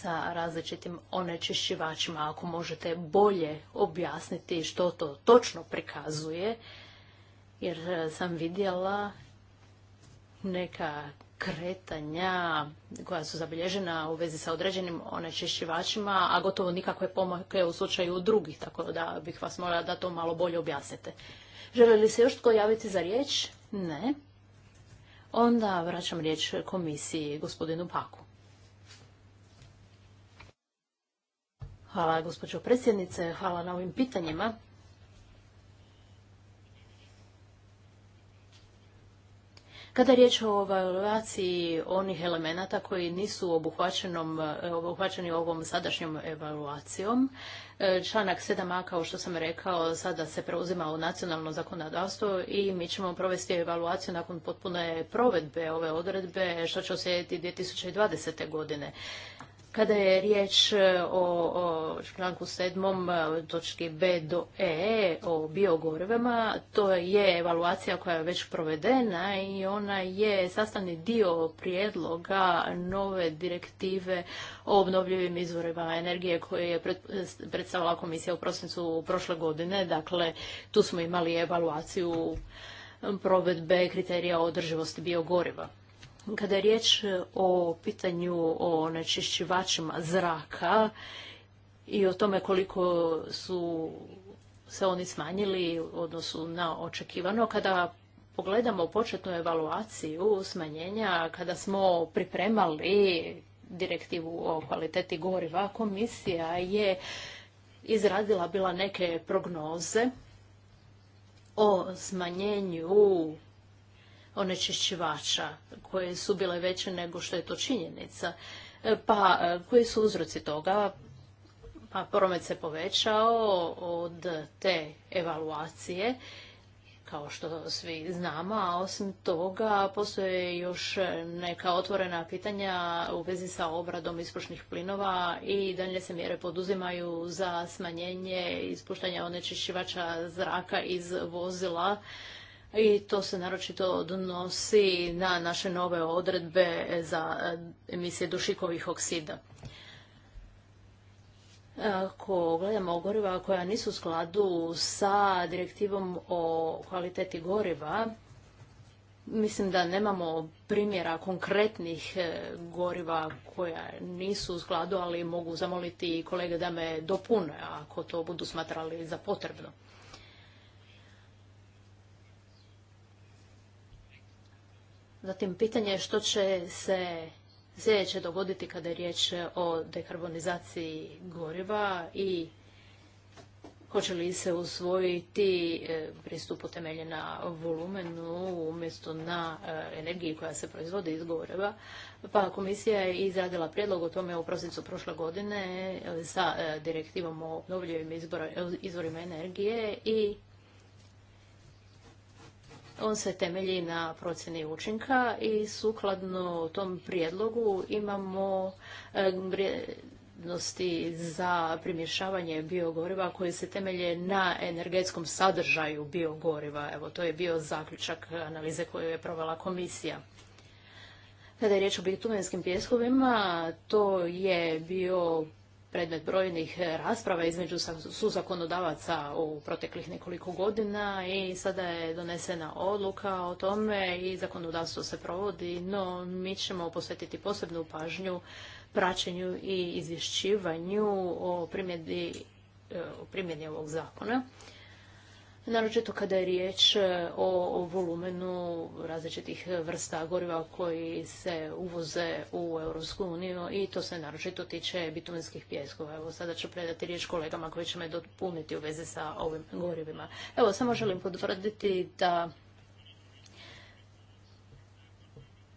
sa različitim onečišćivačima. Ako možete bolje objasniti što to točno prikazuje, jer e, sam vidjela neka kretanja koja su zabilježena u vezi sa određenim onečišćivačima, a gotovo nikakve pomake u slučaju drugih, tako da bih vas molila da to malo bolje objasnite. Želi li se još tko javiti za riječ? Ne. Onda vraćam riječ komisiji, gospodinu Paku. Hvala gospođo predsjednice, hvala na ovim pitanjima. Kada je riječ o evaluaciji onih elemenata koji nisu e, obuhvaćeni ovom sadašnjom evaluacijom, e, članak 7a, kao što sam rekao, sada se preuzima u nacionalno zakonodavstvo i mi ćemo provesti evaluaciju nakon potpune provedbe ove odredbe, što će osjetiti 2020. godine. Kada je riječ e, o, članku sedmom e, točki B do E o biogorivima, to je evaluacija koja je već provedena i ona je sastavni dio prijedloga nove direktive o obnovljivim izvorima energije koje je predstavila komisija u prosincu prošle godine. Dakle, tu smo imali evaluaciju provedbe kriterija održivosti biogoriva. Kada je riječ e, o pitanju o nečišćivačima zraka i o tome koliko su se oni smanjili u odnosu na očekivano, kada pogledamo početnu evaluaciju smanjenja, kada smo pripremali direktivu o kvaliteti goriva, komisija je izradila bila neke prognoze o smanjenju onečišćivača koje su bile veće nego što je to činjenica. E, pa e, koji su uzroci toga? Pa promet se povećao od te evaluacije kao što svi znamo, a osim toga postoje još neka otvorena pitanja u vezi sa obradom ispušnih plinova i dalje se mjere poduzimaju za smanjenje ispuštanja onečišćivača zraka iz vozila i to se naročito odnosi na naše nove odredbe za eh, emisije dušikovih oksida. Ako gledamo goriva koja nisu u skladu sa direktivom o kvaliteti goriva, mislim da nemamo primjera konkretnih eh, goriva koja nisu u skladu, ali mogu zamoliti kolege da me dopune ako to budu smatrali za potrebno. Zatim pitanje što će se sljedeće dogoditi kada je riječ o dekarbonizaciji goriva i hoće li se usvojiti e, pristup utemeljen na volumenu umjesto na e, energiji koja se proizvodi iz goriva. Pa komisija je izradila prijedlog o tome u prosincu prošle godine e, sa direktivom o obnovljivim izvorima energije i on se temelji na procjeni učinka i sukladno tom prijedlogu imamo e, vrijednosti za primješavanje biogoriva koje se temelje na energetskom sadržaju biogoriva. Evo, to je bio zaključak analize koju je provela komisija. Kada je riječ o bitumenskim pjeskovima, to je bio predmet brojnih e, rasprava između zakonodavaca u proteklih nekoliko godina i sada je donesena odluka o tome i zakonodavstvo se provodi, no mi ćemo posvetiti posebnu pažnju praćenju i izvješćivanju o primjeni, e, o primjeni ovog zakona naročito kada je riječ e, o, volumenu različitih vrsta goriva koji se uvoze u Europsku uniju i to se naročito tiče bitumenskih pjeskova. Evo sada ću predati riječ kolegama koji će me dopuniti u vezi sa ovim gorivima. Evo samo želim potvrditi da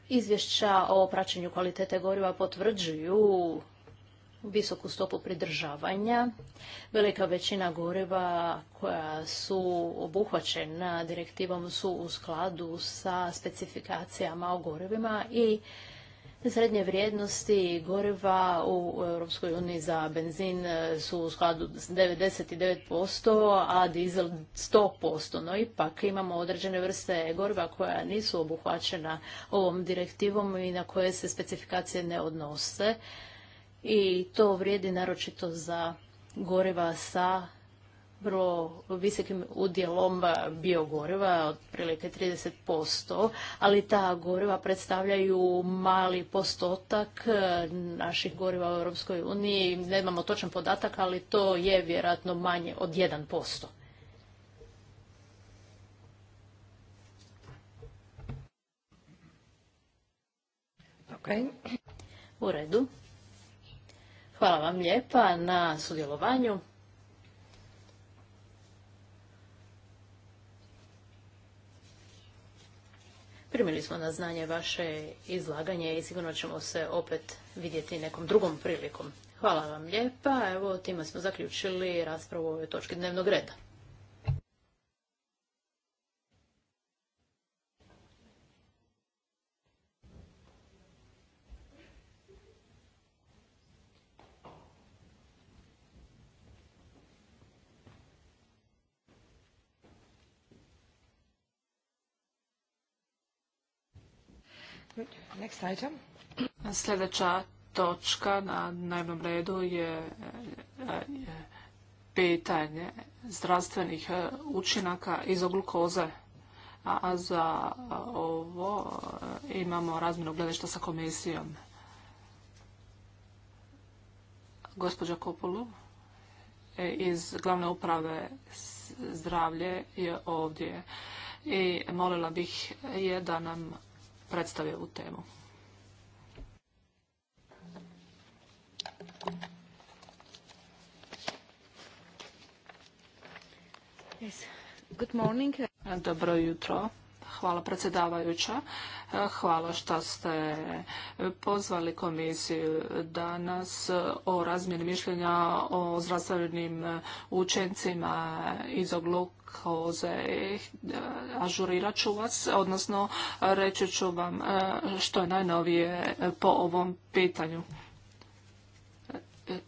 izvješća o praćenju kvalitete goriva potvrđuju visoku stopu pridržavanja. Velika većina goriva koja su obuhvaćena direktivom su u skladu sa specifikacijama o gorivima i srednje vrijednosti goriva u Europskoj uniji za benzin su u skladu 99%, a dizel 100%. No ipak imamo određene vrste goriva koja nisu obuhvaćena ovom direktivom i na koje se specifikacije ne odnose i to vrijedi naročito za goriva sa vrlo visokim udjelom e, biogoriva, otprilike 30%, ali ta goriva predstavljaju mali postotak e, naših goriva u Europskoj uniji. Nemamo točan podatak, ali to je vjerojatno manje od 1%. Okay. U redu. Hvala vam lijepa na sudjelovanju. Primili smo na znanje vaše izlaganje i sigurno ćemo se opet vidjeti nekom drugom prilikom. Hvala vam lijepa. Evo, time smo zaključili raspravu o ovoj točki dnevnog reda. Next Sljedeća točka na dnevnom redu je e, e, pitanje zdravstvenih e, učinaka iz glukoze. A za ovo imamo razmjerno gledišta sa komisijom. Gospođa Kopulu iz glavne uprave zdravlje je ovdje i molila bih je da nam predstavi ovu temu. Yes. Good Dobro jutro. Hvala predsjedavajuća. E, hvala što ste pozvali komisiju danas o razmjeni mišljenja o zdravstvenim učencima iz koze e, Ažurirat ću vas, odnosno reći ću vam e, što je najnovije po ovom pitanju.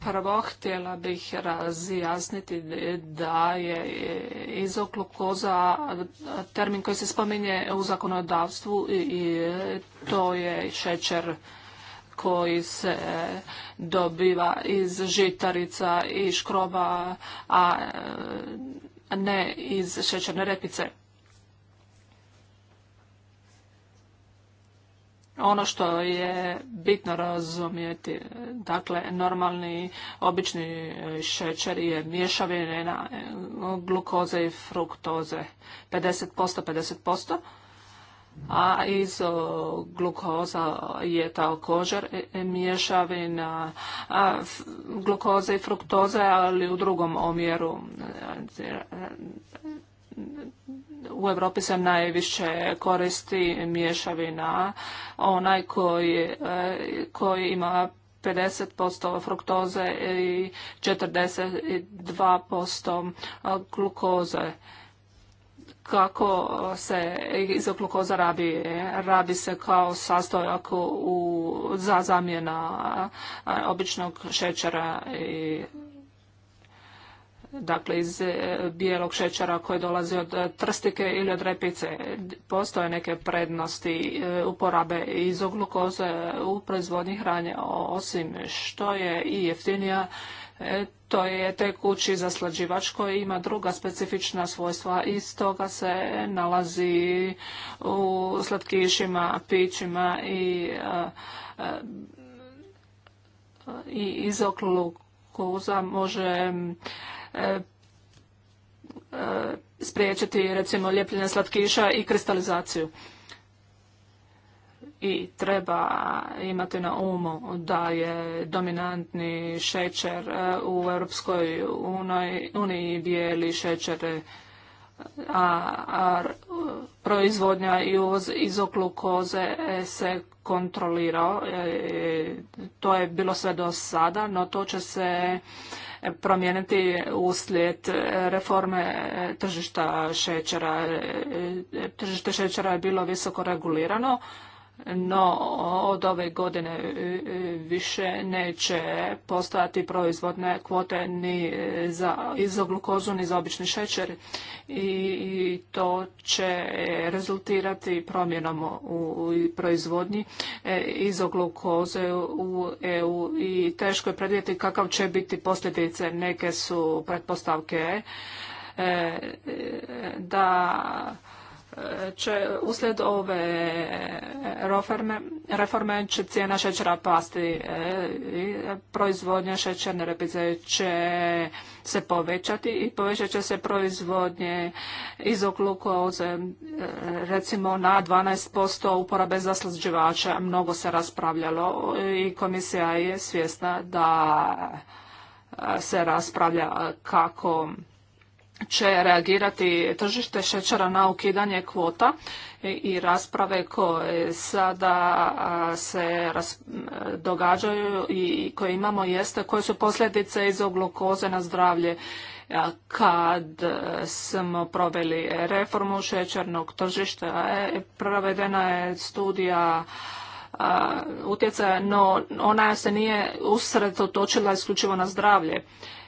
Prvo, htjela bih razjasniti da je izoklukoza termin koji se spominje u zakonodavstvu i to je šećer koji se dobiva iz žitarica i škroba, a ne iz šećerne repice. ono što je bitno razumijeti, dakle normalni obični šećer je mješavina e, glukoze i fruktoze 50%, 50%, a iz glukoza je također e, e, mješavina glukoze i fruktoze, ali u drugom omjeru u Europi se najviše koristi mješavina, onaj koji, e, koji ima 50% fruktoze i 42% e, glukoze. Kako se izoklukoza rabi? Rabi se kao sastojak u, za zamjena e, običnog šećera i dakle iz e, bijelog šećera koji dolazi od e, trstike ili od repice. Postoje neke prednosti e, uporabe izoglukoze u proizvodnji hrane, osim što je i jeftinija, to je tekući zaslađivač koji ima druga specifična svojstva i stoga se nalazi u slatkišima, pićima i, i može E, e, spriječiti recimo ljepljenje slatkiša i kristalizaciju. I treba imati na umu da je dominantni šećer e, u Europskoj uniji bijeli šećer, a, proizvodnja i uvoz izoklukoze se kontrolirao. To je bilo sve do sada, no to će se promijeniti uslijed reforme tržišta šećera. Tržište šećera je bilo visoko regulirano, no od ove godine e, e, više neće postojati proizvodne kvote ni za, izoglukozu ni za obični šećer i to će rezultirati promjenom u proizvodnji e, izoglukoze u EU i teško je predvidjeti kakav će biti posljedice. Neke su pretpostavke da će uslijed ove e, reforme, reforme će cijena šećera pasti, e, proizvodnja šećerne repice će se povećati i povećat će se proizvodnje izoklukoze e, recimo na 12% uporabe zaslađivača. Mnogo se raspravljalo i komisija je svjesna da se raspravlja kako će reagirati tržište šećera na ukidanje kvota i rasprave koje sada se događaju i koje imamo jeste koje su posljedice izoglukoze na zdravlje kad e, smo proveli reformu šećernog tržišta, e, provedena je studija utjecaja, no ona se nije usredotočila isključivo na zdravlje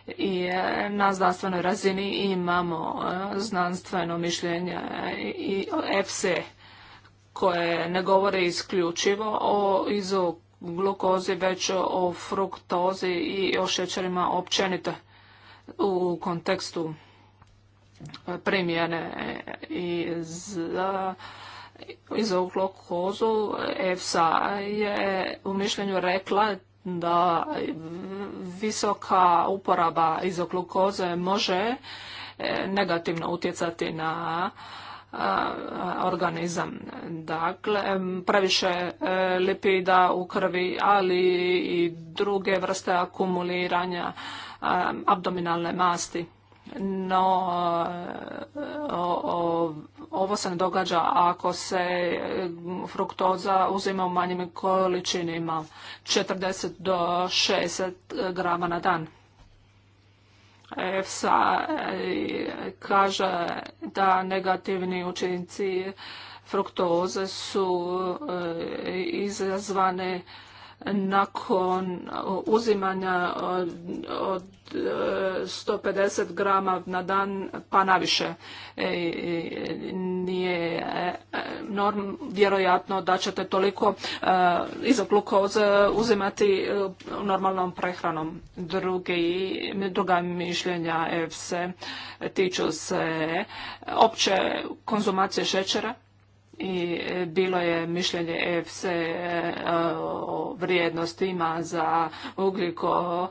i e, na znanstvenoj razini imamo e, znanstveno mišljenje i EFSE koje ne govore isključivo o izoglukozi, već o fruktozi i o šećerima općenito u kontekstu primjene i za e, izoglukozu. EFSA je u mišljenju rekla da visoka uporaba izoglukoze može e, negativno utjecati na e, organizam. Dakle, previše e, lipida u krvi, ali i druge vrste akumuliranja abdominalne masti no eh, ovo se ne događa ako se eh, fruktoza uzima u manjim količinima 40 do 60 grama na dan. EFSA eh, kaže da negativni učinci fruktoze su izazvane nakon uzimanja od 150 e, grama na dan pa naviše e, e, nije vjerojatno da ćete toliko izoglukoze uzimati normalnom prehranom. druga mišljenja EFSE tiču se opće konzumacije šećera i e, bilo je mišljenje EFSA e, e, o vrijednostima za ugljiko,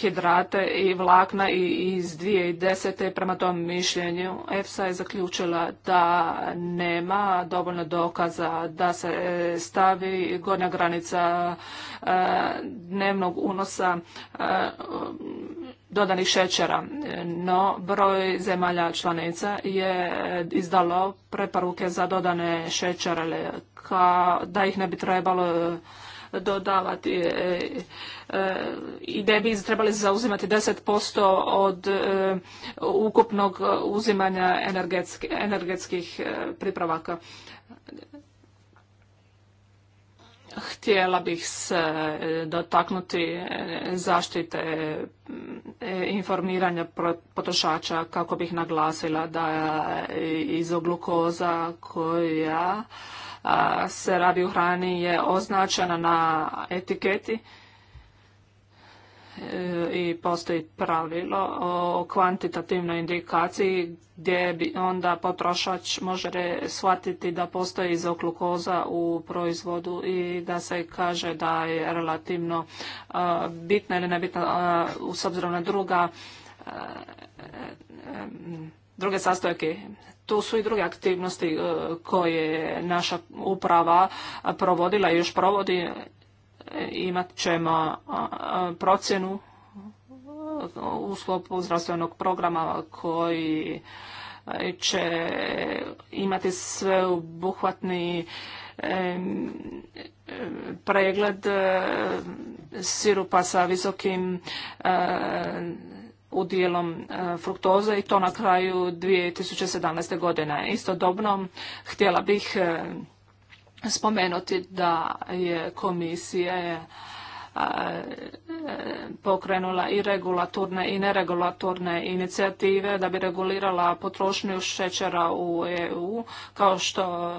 hidrate i vlakna i iz 2010. prema tom mišljenju EFSA je zaključila da nema dovoljno dokaza da se stavi gornja granica dnevnog unosa dodanih šećera, no broj zemalja članica je izdalo preporuke za dodane šećere, da ih ne bi trebalo e, dodavati e, e, i da bi trebali zauzimati 10% od ukupnog uzimanja energetskih pripravaka. Htjela bih se e, dotaknuti e, zaštite e, informiranja potrošača kako bih naglasila da izoglukoza koja se radi u hrani je označena na etiketi i postoji pravilo o kvantitativnoj indikaciji gdje bi onda potrošač može shvatiti da postoji izoklukoza u proizvodu i da se kaže da je relativno bitna ili nebitna s obzirom na druga druge sastojke. Tu su i druge aktivnosti koje je naša uprava provodila i još provodi imat ćemo procjenu u sklopu zdravstvenog programa koji će imati sveobuhvatni pregled e, sirupa sa visokim e, udjelom e, fruktoze i to na kraju 2017. godine. Istodobno htjela bih spomenuti da je komisija e, pokrenula i regulatorne i neregulatorne inicijative da bi regulirala potrošnju šećera u EU. Kao što e,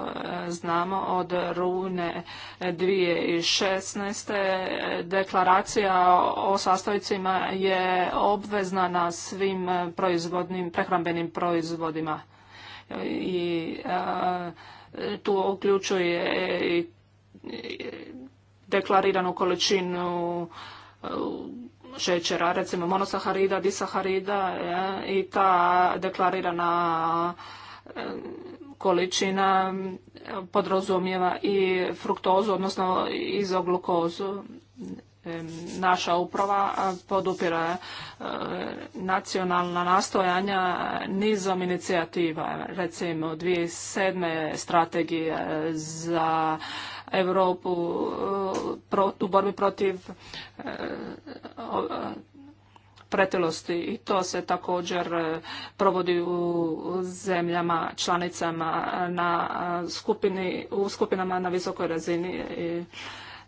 znamo od rune 2016. deklaracija o sastojcima je obvezna na svim proizvodnim, prehrambenim proizvodima. I e, tu uključuje deklariranu količinu e, šećera, recimo monosaharida, disaharida e, i ta deklarirana e, količina podrazumijeva i fruktozu, odnosno izoglukozu naša uprava podupira e, nacionalna nastojanja nizom inicijativa. Recimo 2007. strategije e, za Europu e, u borbi protiv pretilosti i to se također provodi u zemljama članicama na skupini, u skupinama na visokoj razini. i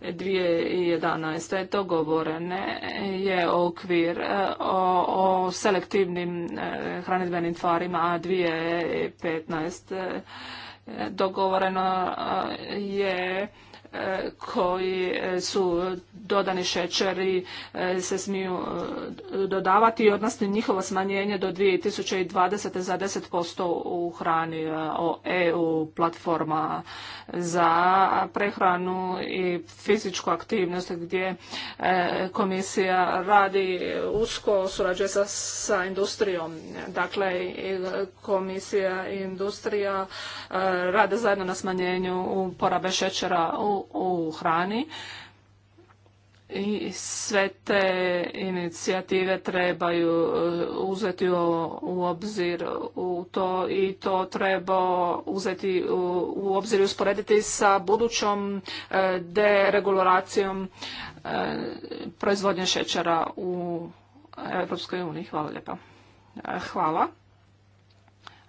2011. dogovoren je okvir e, o, o selektivnim e, hranidbenim tvarima, a 2015. dogovoreno e, je E, koji e, su dodani šećeri e, se smiju dodavati i odnosno njihovo smanjenje do 2020. za 10% u hrani EU platforma za prehranu i fizičku aktivnost gdje komisija radi usko, surađuje sa, sa industrijom. Dakle, komisija i industrija rade zajedno na smanjenju uporabe šećera u u, hrani i sve te inicijative trebaju e, uzeti u, obzir u to i to treba uzeti u, obzir i usporediti sa budućom e, deregulacijom e, proizvodnje šećera u Europskoj uniji. Hvala lijepa. Hvala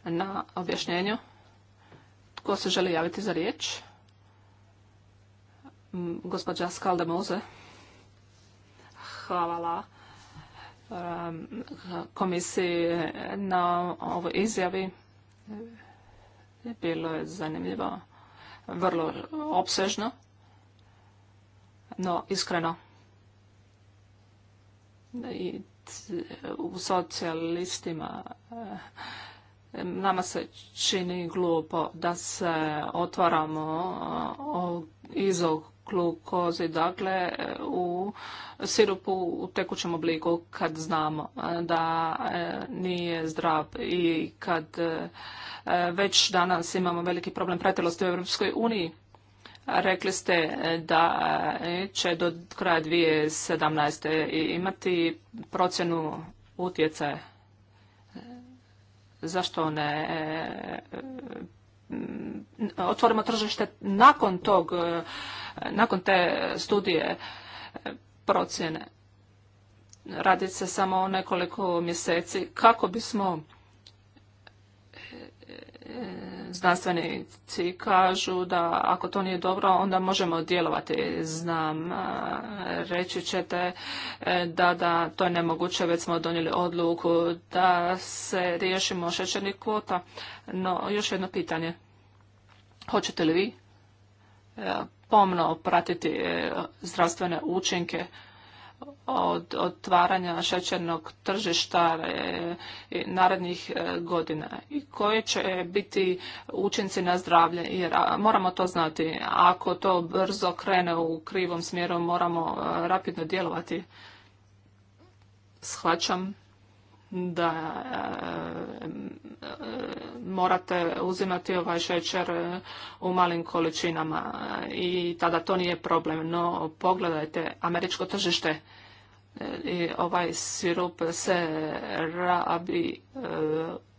na objašnjenju. Tko se želi javiti za riječ? Mm, gospođa Skaldemose hvala komisiji na ovoj izjavi. Bilo je zanimljivo, vrlo obsežno, no iskreno. I u socijalistima nama se čini glupo da se otvaramo iz glukozi, dakle u sirupu u tekućem obliku kad znamo e, da e, nije zdrav i kad e, već danas imamo veliki problem pretilosti u Europskoj uniji. Rekli ste da će do kraja 2017. imati procjenu utjecaja. Zašto ne otvorimo tržište nakon tog, e, nakon te studije e, procjene. Radi se samo o nekoliko mjeseci kako bismo znanstvenici kažu da ako to nije dobro onda možemo djelovati. Znam, reći ćete e, da, da to je nemoguće, već smo donijeli odluku da se riješimo šećernih kvota. No, još jedno pitanje. Hoćete li vi e, pomno pratiti e, zdravstvene učinke od otvaranja šećernog tržišta e, narednih e, godina i koje će biti učinci na zdravlje jer moramo to znati ako to brzo krene u krivom smjeru moramo e, rapidno djelovati shvaćam da e, morate uzimati ovaj šećer u malim količinama i tada to nije problem. No pogledajte američko tržište e, i ovaj sirup se rabi e,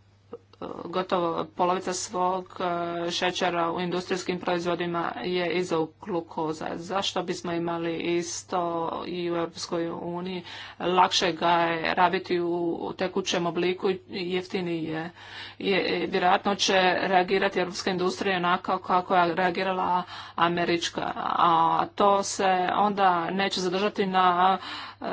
gotovo polovica svog e, šećera u industrijskim proizvodima je glukoza. Zašto bismo imali isto i u Europskoj uniji? Lakše ga je rabiti u tekućem obliku i jeftinije. Je, vjerojatno će reagirati europska industrija onako kako je reagirala američka. A to se onda neće zadržati na e,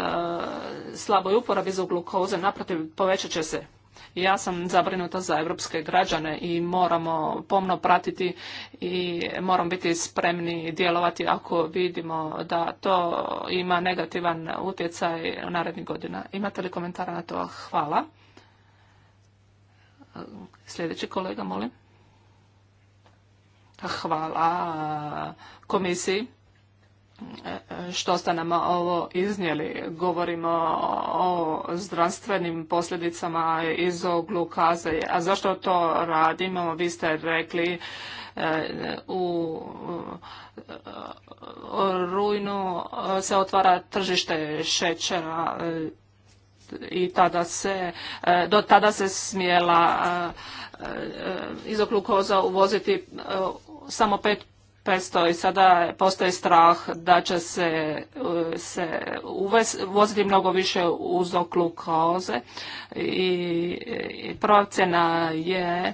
slaboj uporabi glukoze. Naprotiv, povećat će se ja sam zabrinuta za europske građane i moramo pomno pratiti i moram biti spremni djelovati ako vidimo da to ima negativan utjecaj narednih godina. Imate li komentara na to? Hvala. Sljedeći kolega, molim. Hvala komisiji što ste nam ovo iznijeli. Govorimo o zdravstvenim posljedicama iz glukaze. A zašto to radimo? Vi ste rekli e, u rujnu se otvara tržište šećera e, i tada se, e, do tada se smjela izoglukoza uvoziti samo pet i sada, postoji strah da će se, e, se voziti mnogo više uzrok glukoze i, i procjena je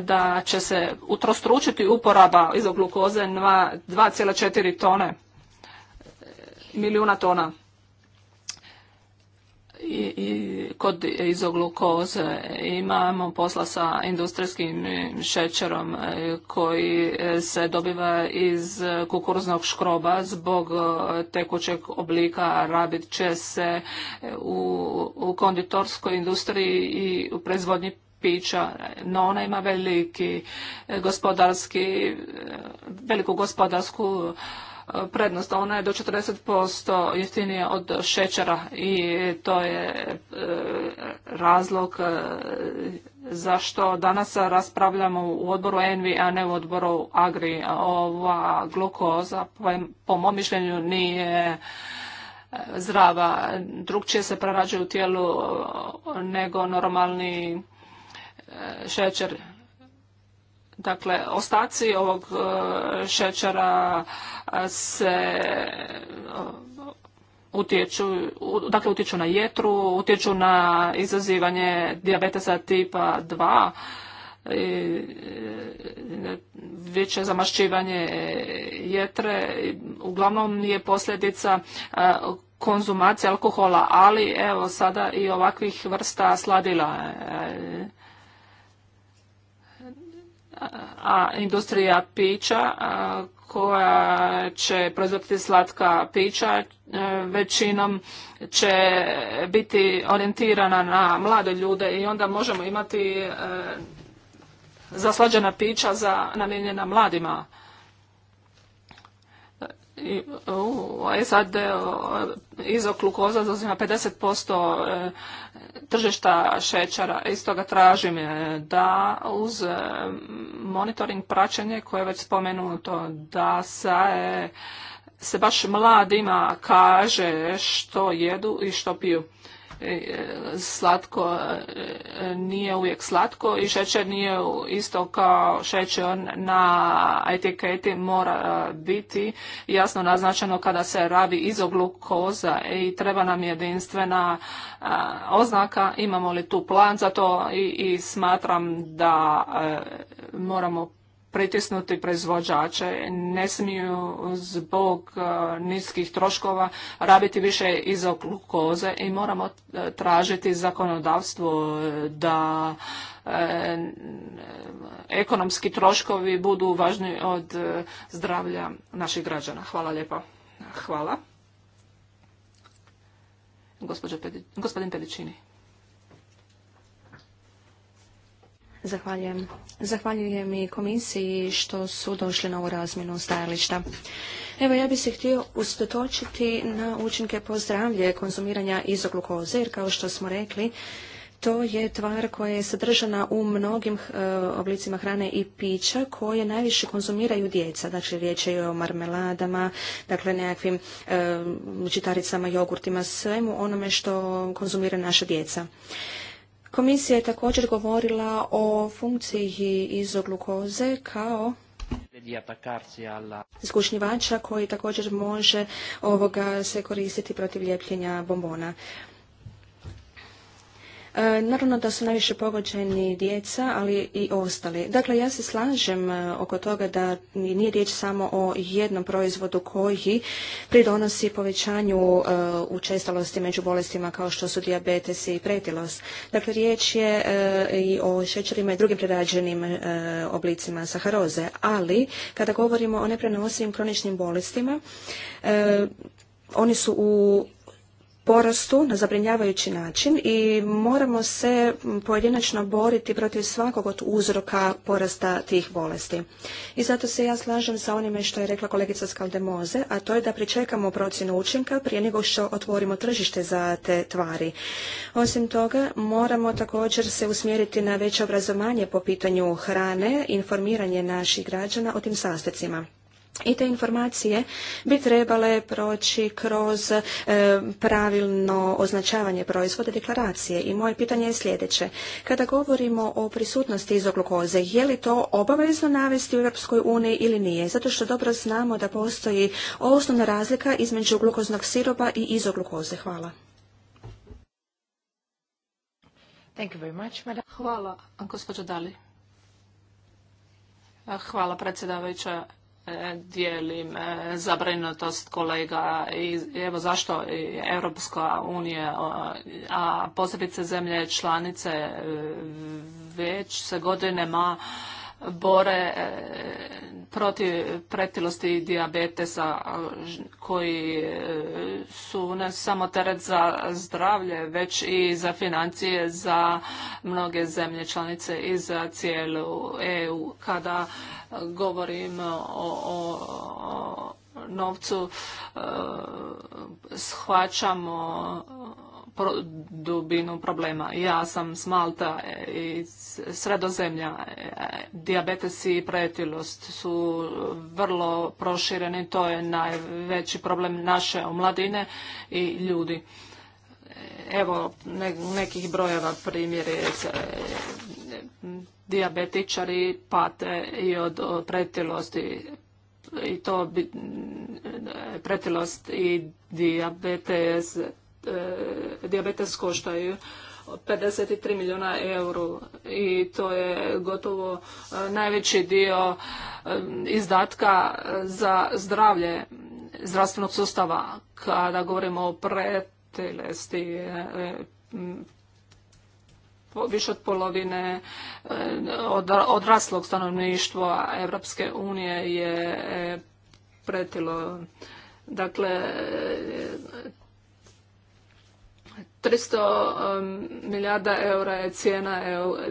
da će se utrostručiti uporaba izoglukoze na 2,4 tone, milijuna tona i, kod izoglukoze imamo posla sa industrijskim šećerom e, koji e, se dobiva iz kukuruznog škroba zbog e, tekućeg oblika rabit će se u, u konditorskoj industriji i u proizvodnji pića, no ona ima veliki gospodarski, veliku gospodarsku prednost. Ona je do 40% jeftinija od šećera i to je e, razlog e, zašto danas raspravljamo u odboru ENVI, a ne u odboru AGRI. Ova glukoza, po mom mišljenju, nije e, zdrava. Drugčije se prerađuje u tijelu nego normalni šećer Dakle, ostaci ovog e, šećera e, se e, utječu, dakle, utječu na jetru, utječu na izazivanje dijabetesa tipa 2, i veće zamašćivanje jetre. Uglavnom je posljedica konzumacije alkohola, ali evo sada i ovakvih vrsta sladila a industrija pića koja će proizvoditi slatka pića e, većinom će biti orijentirana na mlade ljude i onda možemo imati e, zaslađena pića za namijenjena mladima u ovaj SAD e, izoklukoza zauzima 50% e, tržišta šećera. Iz toga tražim e, da uz monitoring praćenje koje je već spomenuto da se, se baš mladima kaže što jedu i što piju slatko eh, nije uvijek slatko i šećer nije isto kao šećer na etiketi mora eh, biti jasno naznačeno kada se rabi izoglukoza i treba nam jedinstvena eh, oznaka imamo li tu plan za to i, i smatram da moramo pritisnuti proizvođače, ne smiju zbog e, niskih troškova rabiti više izoklukoze i moramo e, tražiti zakonodavstvo e, da ekonomski troškovi budu važni od zdravlja naših građana. Hvala lijepa. Hvala. Gospodin Pedičini. Zahvaljujem. Zahvaljujem i komisiji što su došli na ovu razmjenu stajališta. Evo, ja bih se htio ustotočiti na učinke pozdravlje konzumiranja izoglukoze, jer kao što smo rekli, to je tvar koja je sadržana u mnogim eh, oblicima hrane i pića koje najviše konzumiraju djeca. Dakle, riječ je o marmeladama, dakle nekakvim čitaricama, eh, jogurtima, svemu onome što konzumira naša djeca. Komisija je također govorila o funkciji izoglukoze kao zgušnjivača koji također može ovoga se koristiti protiv ljepljenja bombona. E, naravno da su najviše pogođeni djeca, ali i ostali. Dakle, ja se slažem e, oko toga da nije riječ samo o jednom proizvodu koji pridonosi povećanju e, učestalosti među bolestima kao što su dijabetes i pretilost. Dakle, riječ je i o šećerima i drugim prerađenim oblicima saharoze, ali kada govorimo o neprenosivim kroničnim bolestima, oni su u porastu na zabrinjavajući način i moramo se pojedinačno boriti protiv svakog od uzroka porasta tih bolesti. I zato se ja slažem sa onime što je rekla kolegica Skaldemoze, a to je da pričekamo procjenu učinka prije nego što otvorimo tržište za te tvari. Osim toga, moramo također se usmjeriti na veće obrazovanje po pitanju hrane, informiranje naših građana o tim sastecima i te informacije bi trebale proći kroz e, pravilno označavanje proizvoda deklaracije. I moje pitanje je sljedeće. Kada govorimo o prisutnosti izoglukoze, je li to obavezno navesti u Europskoj uniji ili nije? Zato što dobro znamo da postoji osnovna razlika između glukoznog siroba i izoglukoze. Hvala. Hvala, gospođo Dali. Hvala, predsjedavajuća dijelim e, zabrinutost kolega i evo zašto Europska unija, a posebice zemlje članice e, već se godinama bore e, protiv pretilosti i dijabetesa koji e, su ne samo teret za zdravlje, već i za financije za mnoge zemlje članice i za cijelu EU. Kada govorimo o, novcu e, shvaćamo pro, dubinu problema. Ja sam s Malta e, iz sredozemlja. E, diabetes i pretilost su vrlo prošireni. To je najveći problem naše omladine i ljudi. E, evo nekih brojeva primjeri. dijabetičari diabetičari pate i od pretilosti i to pretilost i diabetes E, diabetes koštaju 53 milijuna eura i to je gotovo e, najveći dio e, izdatka za zdravlje zdravstvenog sustava. Kada govorimo o pretilesti, više od polovine odraslog stanovništva Europske unije je pretilo. Dakle, 300 milijarda eura je cijena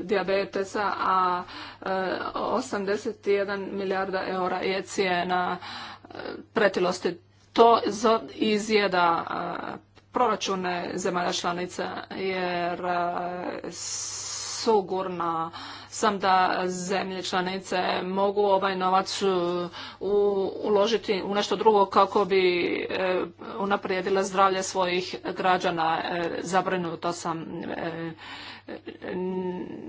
diabetesa, a 81 eh, milijarda eura je cijena eh, pretilosti. To izjeda eh, proračune zemalja članica jer sugurna sam da zemlje članice mogu ovaj novac e, uložiti u nešto drugo kako bi e, unaprijedila zdravlje svojih građana. E, zabrinuto sam.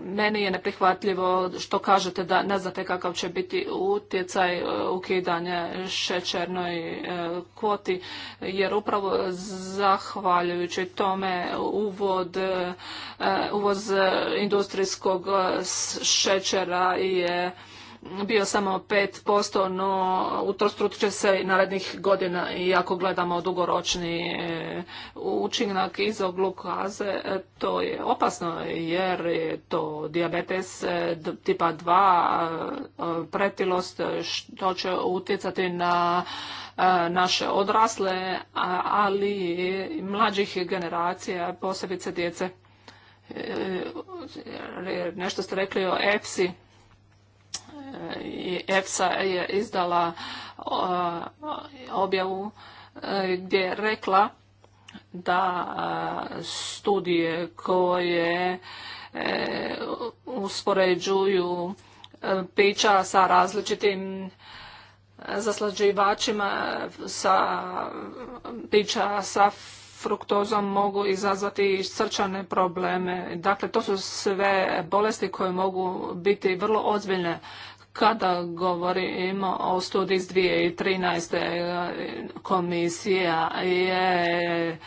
Meni je neprihvatljivo što kažete da ne znate kakav će biti utjecaj ukidanja šećernoj kvoti, jer upravo zahvaljujući tome uvod, uvoz industrijskog šećera je bio samo 5%, no utrostrut će se narednih godina i ako gledamo dugoročni e, učinak izoglukaze, e, to je opasno jer je to diabetes e, tipa 2, pretilost što će utjecati na naše odrasle, ali i mlađih generacija, posebice djece. E, nešto ste rekli o EPSI. E, EFSA je izdala objavu e, gdje je rekla da studije koje uspoređuju pića sa različitim zaslađivačima, sa pića sa fruktozom mogu izazvati srčane probleme. Dakle, to su sve bolesti koje mogu biti vrlo ozbiljne kada govorimo o studiji iz 2013. komisija je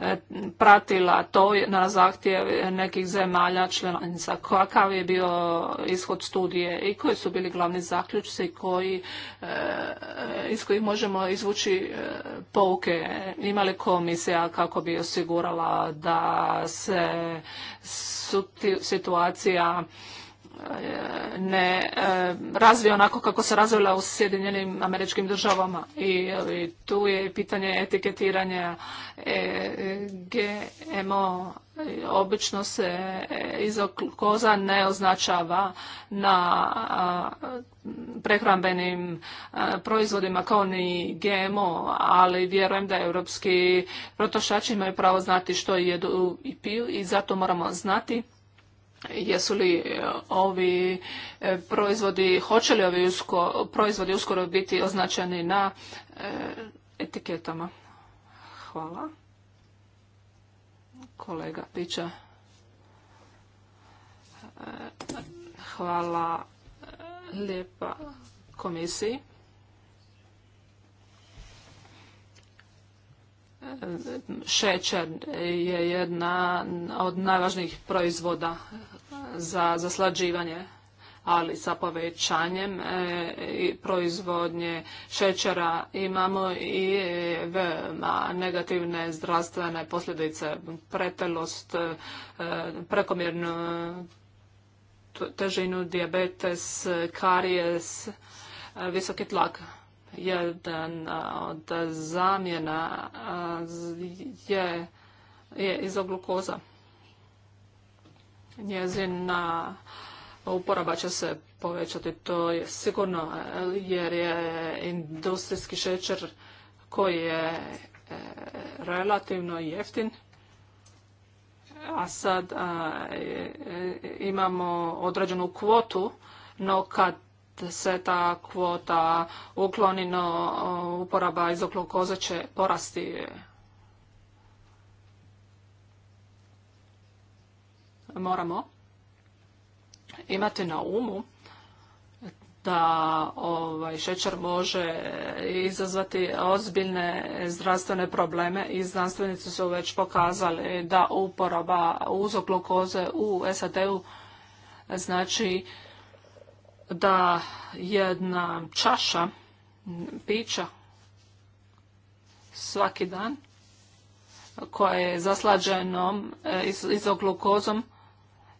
E, pratila to na zahtjev nekih zemalja članica. Kakav je bio ishod studije i koji su bili glavni zaključci koji, e, iz kojih možemo izvući e, pouke. Ima li komisija kako bi osigurala da se situacija ne e, razvije onako kako se razvila u Sjedinjenim američkim državama. I, tu je pitanje etiketiranja e, GMO. Obično se e, izokoza ne označava na prehrambenim proizvodima kao ni GMO, ali vjerujem da europski potrošači imaju pravo znati što jedu i piju i zato moramo znati jesu li e, ovi e, proizvodi, hoće li ovi usko, proizvodi uskoro biti označeni na e, etiketama. Hvala. Kolega Pića. Hvala lijepa komisiji. šećer je jedna od najvažnijih proizvoda za zaslađivanje, ali sa povećanjem e, proizvodnje šećera imamo i veoma negativne zdravstvene posljedice, pretelost, e, prekomjernu težinu, dijabetes, karijes, e, visoki tlak. Jedan od zamjena je, je izoglukoza. Njezina uporaba će se povećati, to je sigurno, jer je industrijski šećer koji je e, relativno jeftin, a sad e, e, imamo određenu kvotu, no kad se ta kvota uklonino uh, uporaba izoklokoze će porasti. Moramo imati na umu da ovaj, šećer može izazvati ozbiljne zdravstvene probleme i znanstvenici su već pokazali da uporaba uzoklokoze u SAD-u znači da jedna čaša pića svaki dan koja je zaslađenom e, izoglukozom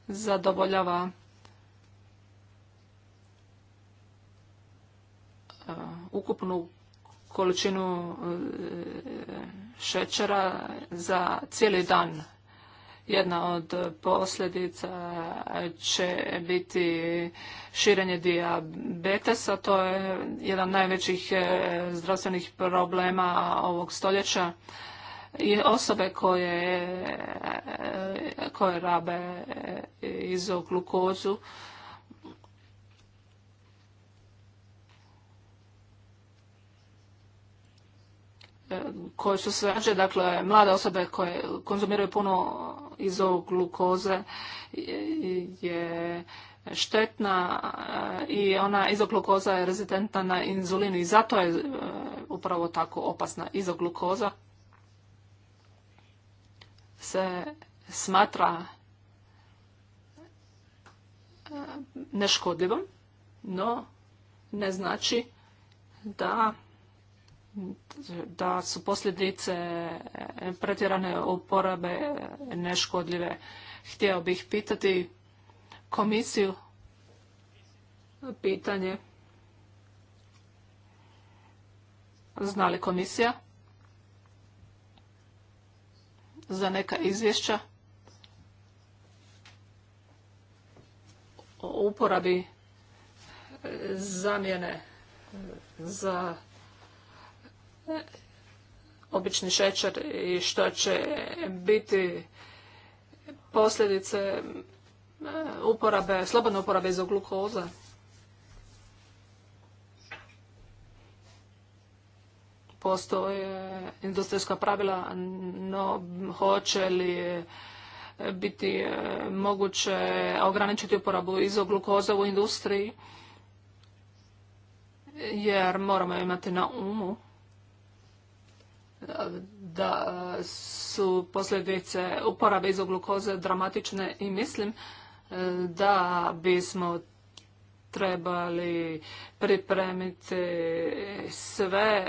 zadovoljava e, ukupnu količinu e, šećera za cijeli dan jedna od posljedica će biti širenje dijabetesa. To je jedan najvećih e, zdravstvenih problema ovog stoljeća. I osobe koje, e, koje rabe e, izoglukozu koje su se, dakle, mlade osobe koje konzumiraju puno izoglukoze je štetna e, i ona izoglukoza je rezistentna na inzulinu i zato je e, upravo tako opasna. Izoglukoza se smatra e, neškodljivom, no ne znači da da su posljedice e, pretjerane uporabe neškodljive. Htio bih pitati komisiju pitanje. Zna li komisija za neka izvješća o uporabi e, zamjene za obični šećer i što će biti posljedice e, uporabe, slobodne uporabe glukoza. Postoje industrijska pravila, no hoće li biti e, moguće ograničiti uporabu izoglukoze u industriji, jer moramo imati na umu da su posljedice uporabe izoglukoze dramatične i mislim e, da bismo trebali pripremiti sve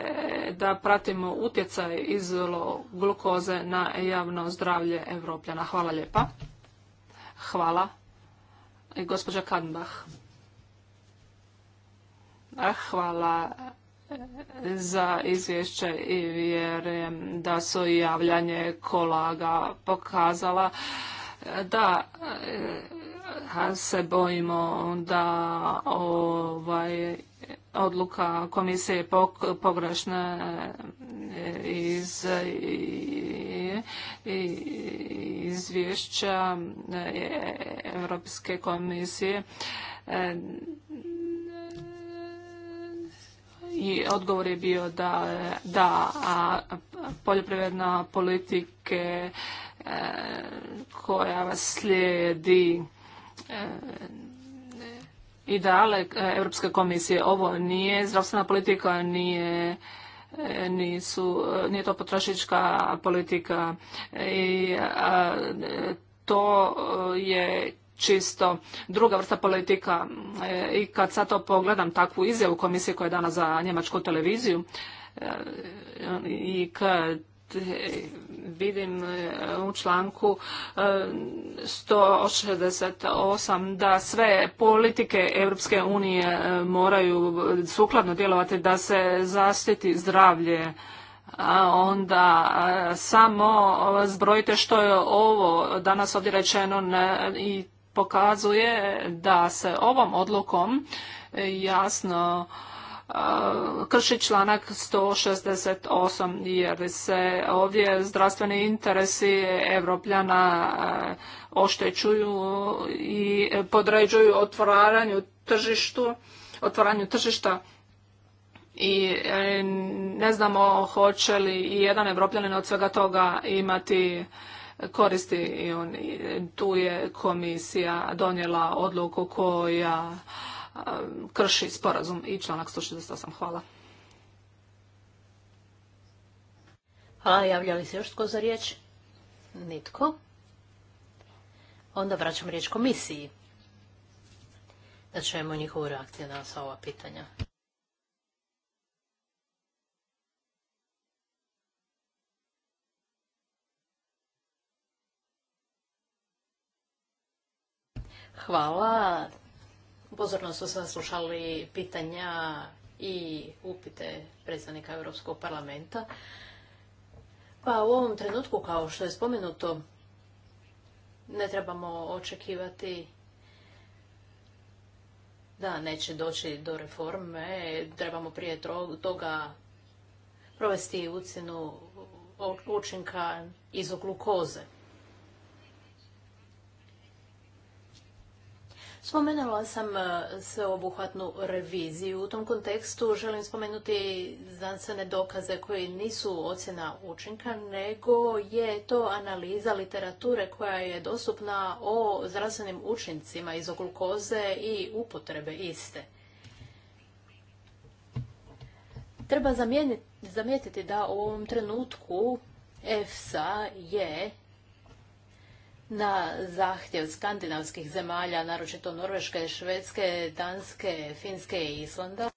da pratimo utjecaj izoglukoze na javno zdravlje Evropljana. Hvala lijepa. Hvala. I gospođa eh, Hvala. Hvala za izvješće i vjerujem da su javljanje kolaga pokazala eh, da eh, se bojimo da ovaj odluka komisije pogrešna eh, iz izvješća Europske komisije i odgovor je bio da, da a poljoprivredna politike e, koja vas slijedi e, ideale e, Europske komisije. Ovo nije zdravstvena politika, nije nisu, nije to potrošička politika i to je čisto druga vrsta politika e, i kad sad to pogledam takvu izjavu komisije koja je dana za njemačku televiziju e, i kad vidim e, u članku 168 da sve politike Europske unije moraju sukladno djelovati da se zaštiti zdravlje a onda samo zbrojite što je ovo danas ovdje rečeno i pokazuje da se ovom odlukom jasno e, krši članak 168 jer se ovdje zdravstveni interesi Evropljana e, oštećuju i podređuju otvaranju tržištu, otvaranju tržišta i e, ne znamo hoće li i jedan Evropljanin od svega toga imati koristi i on, tu je komisija donijela odluku koja um, krši sporazum i članak 168. Hvala. Hvala, javlja li se još tko za riječ? Nitko. Onda vraćam riječ komisiji. Da čujemo njihovu reakciju na sva ova pitanja. Hvala. Pozorno su sam slušali pitanja i upite predstavnika Europskog parlamenta. Pa u ovom trenutku, kao što je spomenuto, ne trebamo očekivati da neće doći do reforme. Trebamo prije toga provesti ucinu učinka izog glukoze. Spomenula sam e, sveobuhvatnu reviziju. U tom kontekstu želim spomenuti znanstvene dokaze koji nisu ocjena učinka, nego je to analiza literature koja je dostupna o zdravstvenim učincima iz glukoze i upotrebe iste. Treba zamijetiti da u ovom trenutku EFSA je na zahtjev skandinavskih zemalja, naročito Norveške, Švedske, Danske, Finske i Islanda.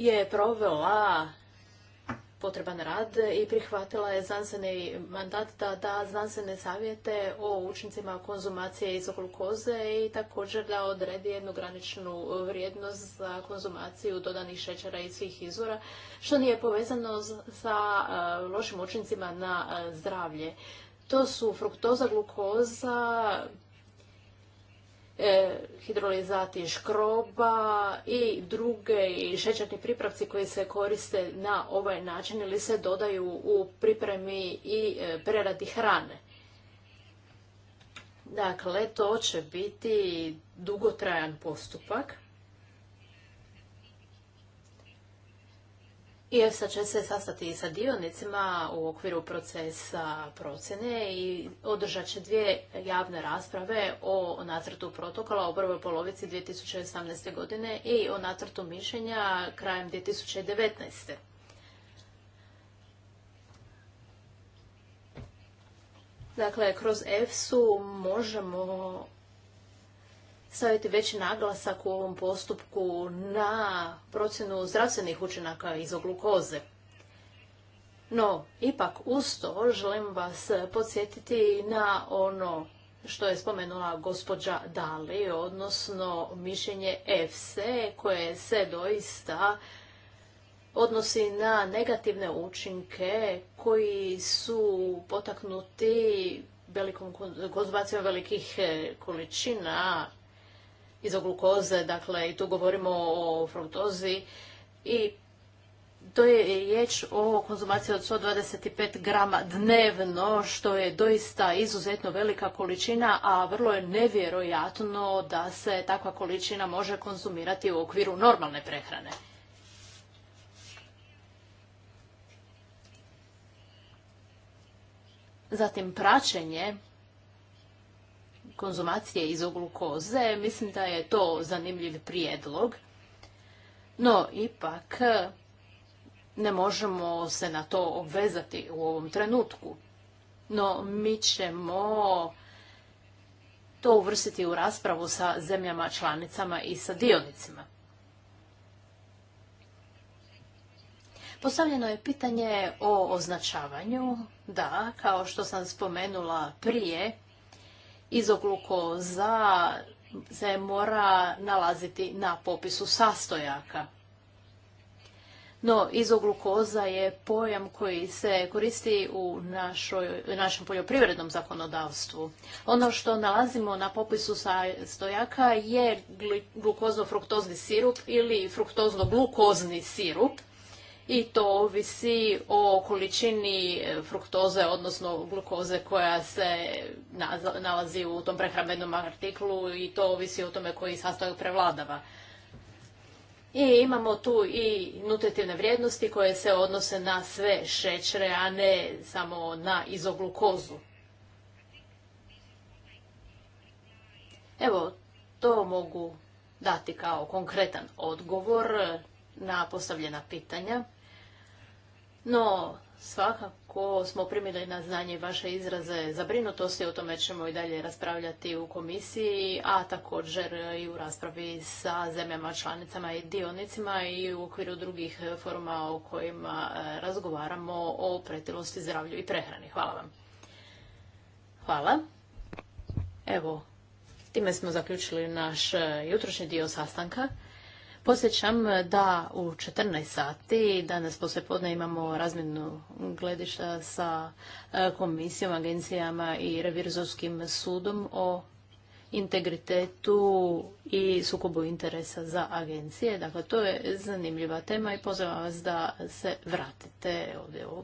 je provela potreban rad i prihvatila je znanstveni mandat da da znanstvene savjete o učincima konzumacije glukoze i također da odredi jednograničnu vrijednost za konzumaciju dodanih šećera i svih izvora, što nije povezano sa e, lošim učincima na e, zdravlje. To su fruktoza, glukoza, E, hidrolizati škroba i druge šećerni pripravci koji se koriste na ovaj način ili se dodaju u pripremi i e, preradi hrane. Dakle, to će biti dugotrajan postupak. I EFSA će se sastati sa dionicima u okviru procesa procjene i održat će dvije javne rasprave o nacrtu protokola u prvoj polovici 2018. godine i o nacrtu mišljenja krajem 2019. Dakle, kroz EFSU možemo staviti veći naglasak u ovom postupku na procjenu zdravstvenih učinaka izoglukoze. No, ipak uz to želim vas podsjetiti na ono što je spomenula gospođa Dali, odnosno mišljenje EFSE koje se doista odnosi na negativne učinke koji su potaknuti velikom konzumacijom velikih količina izoglukoze, dakle i tu govorimo o fruktozi i to je riječ o konzumaciji od 125 grama dnevno, što je doista izuzetno velika količina, a vrlo je nevjerojatno da se takva količina može konzumirati u okviru normalne prehrane. Zatim praćenje konzumacije iz glukoze mislim da je to zanimljiv prijedlog. No, ipak ne možemo se na to obvezati u ovom trenutku. No, mi ćemo to uvrstiti u raspravu sa zemljama članicama i sa dionicima. Postavljeno je pitanje o označavanju. Da, kao što sam spomenula prije, izoglukoza se mora nalaziti na popisu sastojaka. No, izoglukoza je pojam koji se koristi u našem poljoprivrednom zakonodavstvu. Ono što nalazimo na popisu sastojaka je glukozno-fruktozni sirup ili fruktozno-glukozni sirup i to ovisi o količini fruktoze, odnosno glukoze koja se nalazi u tom prehrambenom artiklu i to ovisi o tome koji sastojak prevladava. I imamo tu i nutritivne vrijednosti koje se odnose na sve šećere, a ne samo na izoglukozu. Evo, to mogu dati kao konkretan odgovor na postavljena pitanja. No, svakako smo primili na znanje vaše izraze zabrinutosti, o tome ćemo i dalje raspravljati u komisiji, a također i u raspravi sa zemljama, članicama i dionicima i u okviru drugih foruma o kojima e, razgovaramo o pretilosti, zdravlju i prehrani. Hvala vam. Hvala. Evo, time smo zaključili naš e, jutrošnji dio sastanka. Posjećam da u 14 sati danas posle podne imamo razmjenu gledišta sa e, komisijom, agencijama i revizorskim sudom o integritetu i sukobu interesa za agencije. Dakle, to je zanimljiva tema i pozivam vas da se vratite ovdje u